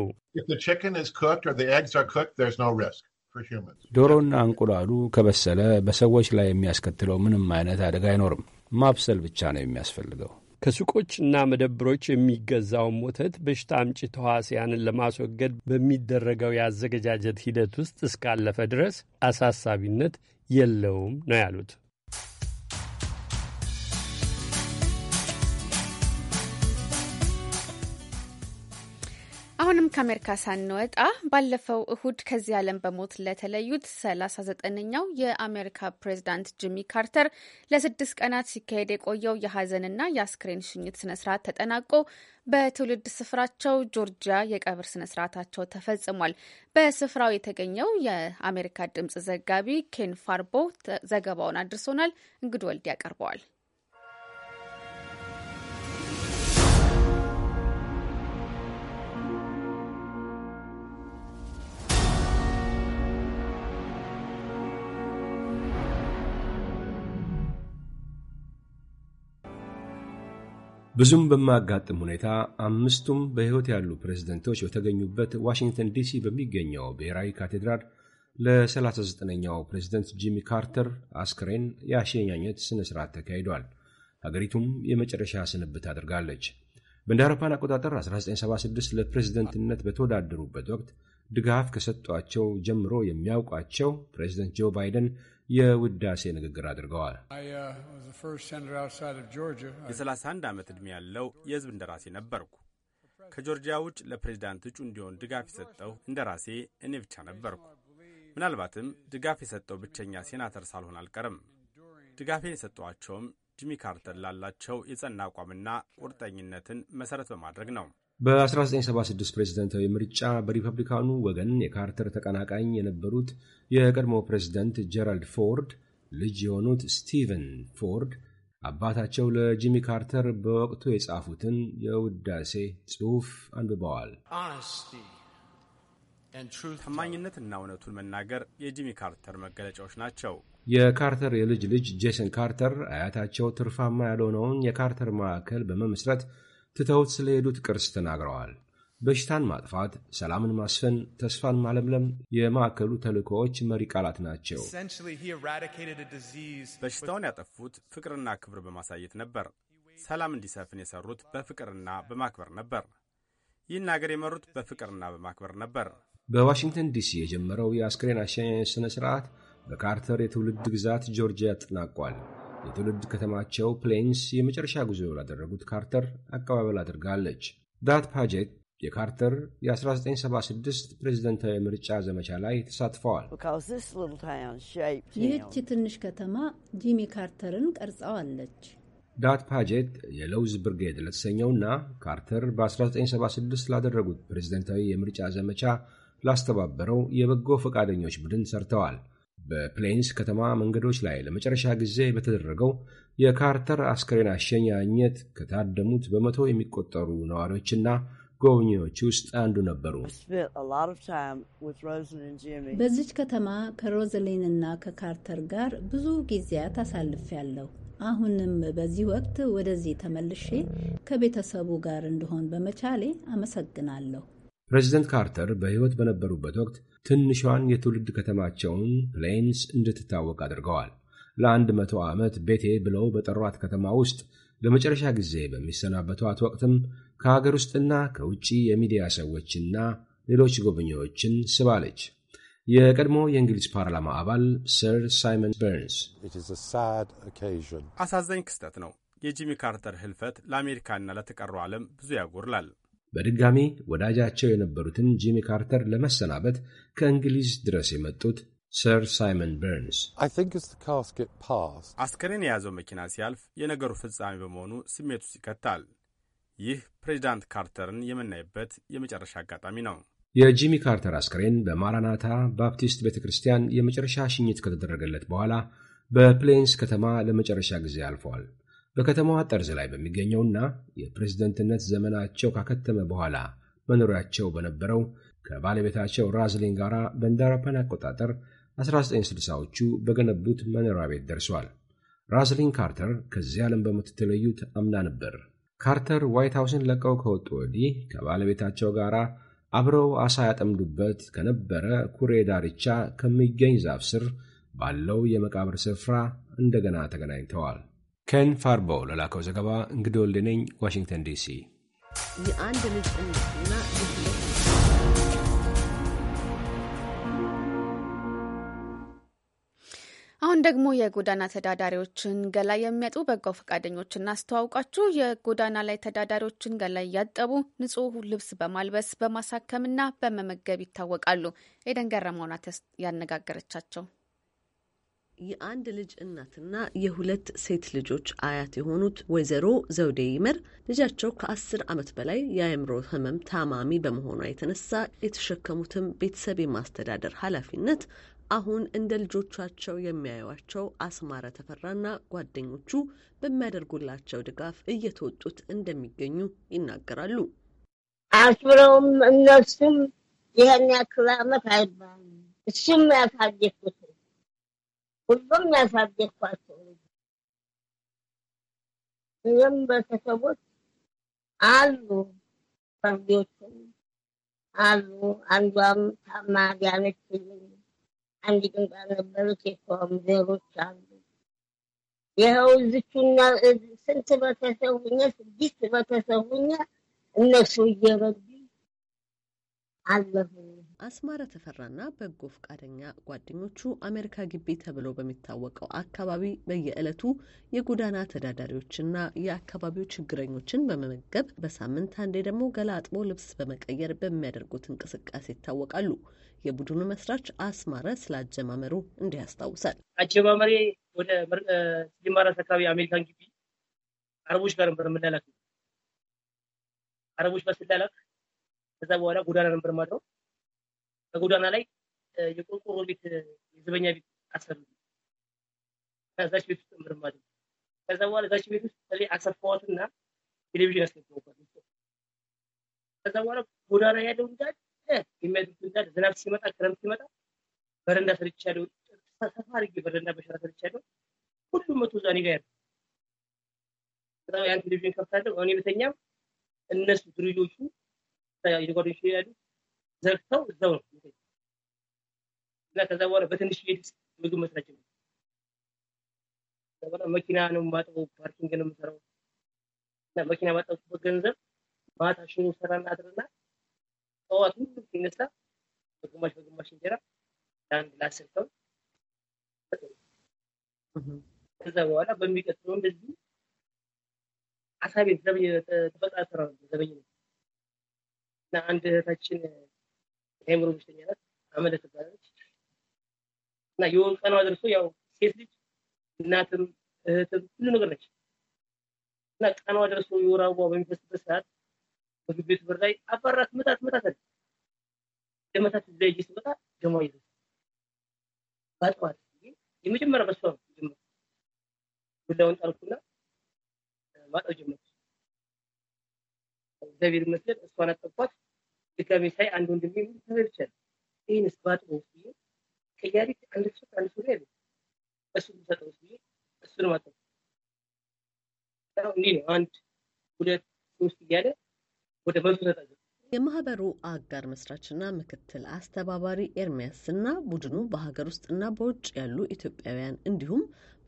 ዶሮና እንቁላሉ ከበሰለ በሰዎች ላይ የሚያስከትለው ምንም አይነት አደጋ አይኖርም። ማብሰል ብቻ ነው የሚያስፈልገው። ከሱቆችና መደብሮች የሚገዛውን ወተት በሽታ አምጪ ተዋሲያንን ለማስወገድ በሚደረገው የአዘገጃጀት ሂደት ውስጥ እስካለፈ ድረስ አሳሳቢነት የለውም ነው ያሉት። አሁንም ከአሜሪካ ሳንወጣ ባለፈው እሁድ ከዚህ ዓለም በሞት ለተለዩት 39ኛው የአሜሪካ ፕሬዝዳንት ጂሚ ካርተር ለስድስት ቀናት ሲካሄድ የቆየው የሀዘንና የአስክሬን ሽኝት ስነስርዓት ተጠናቆ በትውልድ ስፍራቸው ጆርጂያ የቀብር ስነስርዓታቸው ተፈጽሟል። በስፍራው የተገኘው የአሜሪካ ድምጽ ዘጋቢ ኬን ፋርቦ ዘገባውን አድርሶናል። እንግድ ወልድ ያቀርበዋል። ብዙም በማያጋጥም ሁኔታ አምስቱም በሕይወት ያሉ ፕሬዝደንቶች በተገኙበት ዋሽንግተን ዲሲ በሚገኘው ብሔራዊ ካቴድራል ለ39ኛው ፕሬዝደንት ጂሚ ካርተር አስክሬን የአሸኛኘት ሥነ ሥርዓት ተካሂዷል። ሀገሪቱም የመጨረሻ ስንብት አድርጋለች። በእንደ አውሮፓን አቆጣጠር 1976 ለፕሬዝደንትነት በተወዳደሩበት ወቅት ድጋፍ ከሰጧቸው ጀምሮ የሚያውቋቸው ፕሬዝደንት ጆ ባይደን የውዳሴ ንግግር አድርገዋል። የ31 ዓመት ዕድሜ ያለው የሕዝብ እንደራሴ ነበርኩ። ከጆርጂያ ውጭ ለፕሬዚዳንት እጩ እንዲሆን ድጋፍ የሰጠው እንደራሴ እኔ ብቻ ነበርኩ። ምናልባትም ድጋፍ የሰጠው ብቸኛ ሴናተር ሳልሆን አልቀርም። ድጋፌን የሰጠኋቸውም ጂሚ ካርተር ላላቸው የጸና አቋምና ቁርጠኝነትን መሠረት በማድረግ ነው። በ1976 ፕሬዝደንታዊ ምርጫ በሪፐብሊካኑ ወገን የካርተር ተቀናቃኝ የነበሩት የቀድሞ ፕሬዝደንት ጀራልድ ፎርድ ልጅ የሆኑት ስቲቨን ፎርድ አባታቸው ለጂሚ ካርተር በወቅቱ የጻፉትን የውዳሴ ጽሑፍ አንብበዋል። ታማኝነትና እውነቱን መናገር የጂሚ ካርተር መገለጫዎች ናቸው። የካርተር የልጅ ልጅ ጄሰን ካርተር አያታቸው ትርፋማ ያልሆነውን የካርተር ማዕከል በመመስረት ትተውት ስለሄዱት ቅርስ ተናግረዋል። በሽታን ማጥፋት፣ ሰላምን ማስፈን፣ ተስፋን ማለምለም የማዕከሉ ተልእኮዎች መሪ ቃላት ናቸው። በሽታውን ያጠፉት ፍቅርና ክብር በማሳየት ነበር። ሰላም እንዲሰፍን የሰሩት በፍቅርና በማክበር ነበር። ይህን አገር የመሩት በፍቅርና በማክበር ነበር። በዋሽንግተን ዲሲ የጀመረው የአስክሬን አሸኛኘት ሥነ ሥርዓት በካርተር የትውልድ ግዛት ጆርጂያ ያጠናቋል። የትውልድ ከተማቸው ፕሌንስ የመጨረሻ ጉዞ ላደረጉት ካርተር አቀባበል አድርጋለች። ዳት ፓጀት የካርተር የ1976 ፕሬዝደንታዊ ምርጫ ዘመቻ ላይ ተሳትፈዋል። ይህች ትንሽ ከተማ ጂሚ ካርተርን ቀርጸዋለች። ዳት ፓጀት የለውዝ ብርጌድ ለተሰኘውና ካርተር በ1976 ላደረጉት ፕሬዝደንታዊ የምርጫ ዘመቻ ላስተባበረው የበጎ ፈቃደኞች ቡድን ሰርተዋል። በፕሌንስ ከተማ መንገዶች ላይ ለመጨረሻ ጊዜ በተደረገው የካርተር አስከሬን አሸኛኘት ከታደሙት በመቶ የሚቆጠሩ ነዋሪዎችና ጎብኚዎች ውስጥ አንዱ ነበሩ። በዚች ከተማ ከሮዘሊን እና ከካርተር ጋር ብዙ ጊዜያት አሳልፌያለሁ። አሁንም በዚህ ወቅት ወደዚህ ተመልሼ ከቤተሰቡ ጋር እንደሆን በመቻሌ አመሰግናለሁ። ፕሬዚደንት ካርተር በሕይወት በነበሩበት ወቅት ትንሿን የትውልድ ከተማቸውን ፕሌንስ እንድትታወቅ አድርገዋል። ለአንድ መቶ ዓመት ቤቴ ብለው በጠሯት ከተማ ውስጥ ለመጨረሻ ጊዜ በሚሰናበቷት ወቅትም ከሀገር ውስጥና ከውጭ የሚዲያ ሰዎችና ሌሎች ጎብኚዎችን ስባለች። የቀድሞ የእንግሊዝ ፓርላማ አባል ሰር ሳይመን በርንስ አሳዛኝ ክስተት ነው። የጂሚ ካርተር ህልፈት ለአሜሪካና ለተቀረው ዓለም ብዙ ያጎርላል። በድጋሚ ወዳጃቸው የነበሩትን ጂሚ ካርተር ለመሰናበት ከእንግሊዝ ድረስ የመጡት ሰር ሳይመን በርንስ አስከሬን የያዘው መኪና ሲያልፍ የነገሩ ፍጻሜ በመሆኑ ስሜት ውስጥ ይከታል። ይህ ፕሬዚዳንት ካርተርን የምናይበት የመጨረሻ አጋጣሚ ነው። የጂሚ ካርተር አስከሬን በማራናታ ባፕቲስት ቤተ ክርስቲያን የመጨረሻ ሽኝት ከተደረገለት በኋላ በፕሌንስ ከተማ ለመጨረሻ ጊዜ አልፈዋል። በከተማዋ ጠርዝ ላይ በሚገኘውና የፕሬዝደንትነት ዘመናቸው ካከተመ በኋላ መኖሪያቸው በነበረው ከባለቤታቸው ራዝሊን ጋር በንዳራፓን አቆጣጠር 1960ዎቹ በገነቡት መኖሪያ ቤት ደርሷል። ራዝሊን ካርተር ከዚህ ዓለም በምትተለዩት አምና ነበር። ካርተር ዋይት ሃውስን ለቀው ከወጡ ወዲህ ከባለቤታቸው ጋር አብረው አሳ ያጠምዱበት ከነበረ ኩሬ ዳርቻ ከሚገኝ ዛፍ ስር ባለው የመቃብር ስፍራ እንደገና ተገናኝተዋል። ኬን ፋርቦው ለላከው ዘገባ እንግዲህ ወልዴ ነኝ፣ ዋሽንግተን ዲሲ። የአንድ ልጅ እና አሁን ደግሞ የጎዳና ተዳዳሪዎችን ገላ የሚያጡ በጎ ፈቃደኞች አስተዋውቃችሁ። የጎዳና ላይ ተዳዳሪዎችን ገላ እያጠቡ ንጹህ ልብስ በማልበስ በማሳከምና በመመገብ ይታወቃሉ። ኤደን ገረመው ያነጋገረቻቸው። የአንድ ልጅ እናትና የሁለት ሴት ልጆች አያት የሆኑት ወይዘሮ ዘውዴ ይመር ልጃቸው ከአስር ዓመት በላይ የአእምሮ ሕመም ታማሚ በመሆኗ የተነሳ የተሸከሙትን ቤተሰብ የማስተዳደር ኃላፊነት አሁን እንደ ልጆቻቸው የሚያዩቸው አስማረ ተፈራና ጓደኞቹ በሚያደርጉላቸው ድጋፍ እየተወጡት እንደሚገኙ ይናገራሉ። አስምረውም እነሱም ይህን ያክል ዓመት አይባልም። እሱም ያሳየኩት ሁሉም ያሳደግኳቸው ይህም ቤተሰቦች አሉ። ፈርዶችም አሉ። አንዷም ታማሪ ያለችልኝ አንድ ድንጋይ ነበረች። የሰውም ዘሮች አሉ። ይኸው እዚቹና ስንት ቤተሰብ ስድስት ቤተሰብ እነሱ እየረዱ አለሁ። አስማረ ተፈራና በጎ ፈቃደኛ ጓደኞቹ አሜሪካ ግቢ ተብሎ በሚታወቀው አካባቢ በየዕለቱ የጎዳና ተዳዳሪዎችና የአካባቢው ችግረኞችን በመመገብ በሳምንት አንዴ ደግሞ ገላ አጥቦ ልብስ በመቀየር በሚያደርጉት እንቅስቃሴ ይታወቃሉ። የቡድኑ መስራች አስማረ ስለ አጀማመሩ እንዲህ ያስታውሳል። አጀማመሬ ወደ ጅማራስ አካባቢ አሜሪካን ግቢ አረቦች ጋር ነበር የምንላክ። አረቦች ጋር ስላላክ ከዛ በኋላ ጎዳና ነበር ማድረው። ከጎዳና ላይ የቆርቆሮ ቤት የዘበኛ ቤት አሰሩ። ከዛች ቤት ውስጥ ነበር ከዛ በኋላ ዛች ቤት ውስጥ ላይ አሰፋዋትና ቴሌቪዥን አስገባውባት። ከዛ በኋላ ጎዳና ያለው እንዳለ የሚያድጉ እንዳለ ዝናብ ሲመጣ ክረምት ሲመጣ በረንዳ ሰርቻለሁ፣ ሰፋ አድርጌ በረንዳ በሸራ ያለው ሁሉም መቶ እዛ እኔ ጋር ያለው ከዛ ያን ቴሌቪዥን ከፍታለሁ። እኔ በተኛም እነሱ ድርጆቹ ሊጎዱ ይችላሉ። ዘግተው እዛው ነው እና ከዛ በኋላ በትንሽ የድስት ምግብ መስራት ጀመርኩ። መኪና ነው የማጠበው፣ ፓርኪንግ ነው የምሰራው እና መኪና ባጠብኩበት ገንዘብ ማታ ሰራና አድርና ጠዋት ሁሉ ሲነሳ በግማሽ በግማሽ እንጀራ ለአንድ ለአስር ሰው ከዛ በኋላ በሚቀጥለው እንደዚህ አሳቤ ስራ ነው ዘበኝ ነው አንድ እህታችን የአእምሮ በሽተኛ ናት፣ አመለ ትባላለች። እና የሆን ቀኗ ደርሶ ያው ሴት ልጅ እናትም እህትም ሁሉ ነገር ነች። እና ቀኗ ደርሶ የወር አበባዋ በሚፈስበት ሰዓት ምግብ ቤት በር ላይ አባራት መታት መታት አለ። ለመታት እዛ ይዤ ስመጣ ደሟ ይዘ ባጠዋት የመጀመሪያ በሷ ነው ጀመር ዱላውን ጣልኩና ማጠው ጀመርኩ። እግዚአብሔር ይመስገን እሷን አጠብኳት። ድጋሜ ሳይ አንድ ወንድሜ ተበልቻል ይህን ስባት ውስ ብዬ ከያሪ አንድ ሱቅ አንድ ሱሪ ያለ እሱ ሰጠው ውስ ብዬ እሱን ማጠው እንዲህ ነው። አንድ ሁለት ሶስት እያለ ወደ መልሱ ተጠገ የማህበሩ አጋር መስራችና ምክትል አስተባባሪ ኤርሚያስ እና ቡድኑ በሀገር ውስጥና በውጭ ያሉ ኢትዮጵያውያን እንዲሁም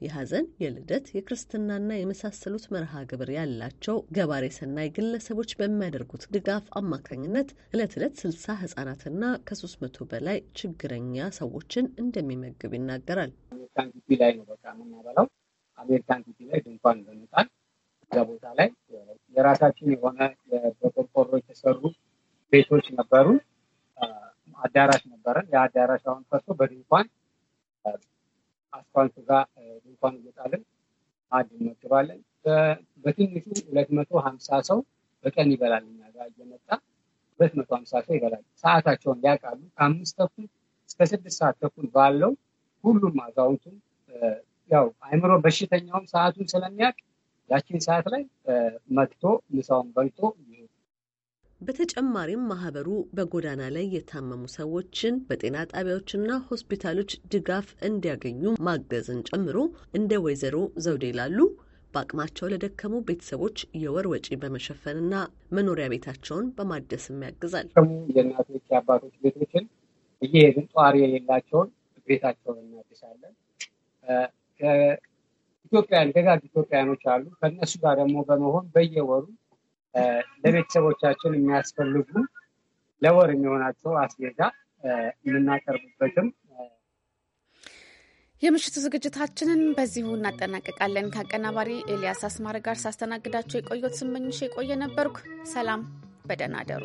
የሐዘን፣ የልደት፣ የክርስትናና የመሳሰሉት መርሃ ግብር ያላቸው ገባሬ ሰናይ ግለሰቦች በሚያደርጉት ድጋፍ አማካኝነት እለት ዕለት ስልሳ ህጻናትና ከሶስት መቶ በላይ ችግረኛ ሰዎችን እንደሚመግብ ይናገራል። አሜሪካን ግቢ ላይ ነው በቃ የምናበላው። አሜሪካን ግቢ ላይ ድንኳን በመጣል እዛ ቦታ ላይ የራሳችን የሆነ በቆርቆሮ የተሰሩ ቤቶች ነበሩ። አዳራሽ ነበረን። የአዳራሽ አሁን ፈርሶ በድንኳን አስኳን ስጋ ድንኳን እንወጣለን፣ ማዕድ እንመግባለን። በትንሹ ሁለት መቶ ሀምሳ ሰው በቀን ይበላል። እኛ ጋር እየመጣ ሁለት መቶ ሀምሳ ሰው ይበላል። ሰዓታቸውን ያውቃሉ። ከአምስት ተኩል እስከ ስድስት ሰዓት ተኩል ባለው ሁሉም አዛውንቱም ያው አይምሮ በሽተኛውም ሰዓቱን ስለሚያውቅ ያችን ሰዓት ላይ መጥቶ ምሳውን በልቶ በተጨማሪም ማህበሩ በጎዳና ላይ የታመሙ ሰዎችን በጤና ጣቢያዎችና ሆስፒታሎች ድጋፍ እንዲያገኙ ማገዝን ጨምሮ እንደ ወይዘሮ ዘውዴ ላሉ በአቅማቸው ለደከሙ ቤተሰቦች የወር ወጪ በመሸፈንና መኖሪያ ቤታቸውን በማደስም ያግዛል። የእናቶች የአባቶች ቤቶችን እየሄድን ጧሪ የሌላቸውን ቤታቸውን እናድሳለን። ኢትዮጵያን ደጋግ ኢትዮጵያኖች አሉ። ከእነሱ ጋር ደግሞ በመሆን በየወሩ ለቤተሰቦቻችን የሚያስፈልጉ ለወር የሚሆናቸው አስቤዛ የምናቀርብበትም የምሽቱ ዝግጅታችንን በዚሁ እናጠናቀቃለን። ከአቀናባሪ ኤልያስ አስማረ ጋር ሳስተናግዳቸው የቆየት ስመኝሽ የቆየ ነበርኩ። ሰላም፣ በደህና አደሩ።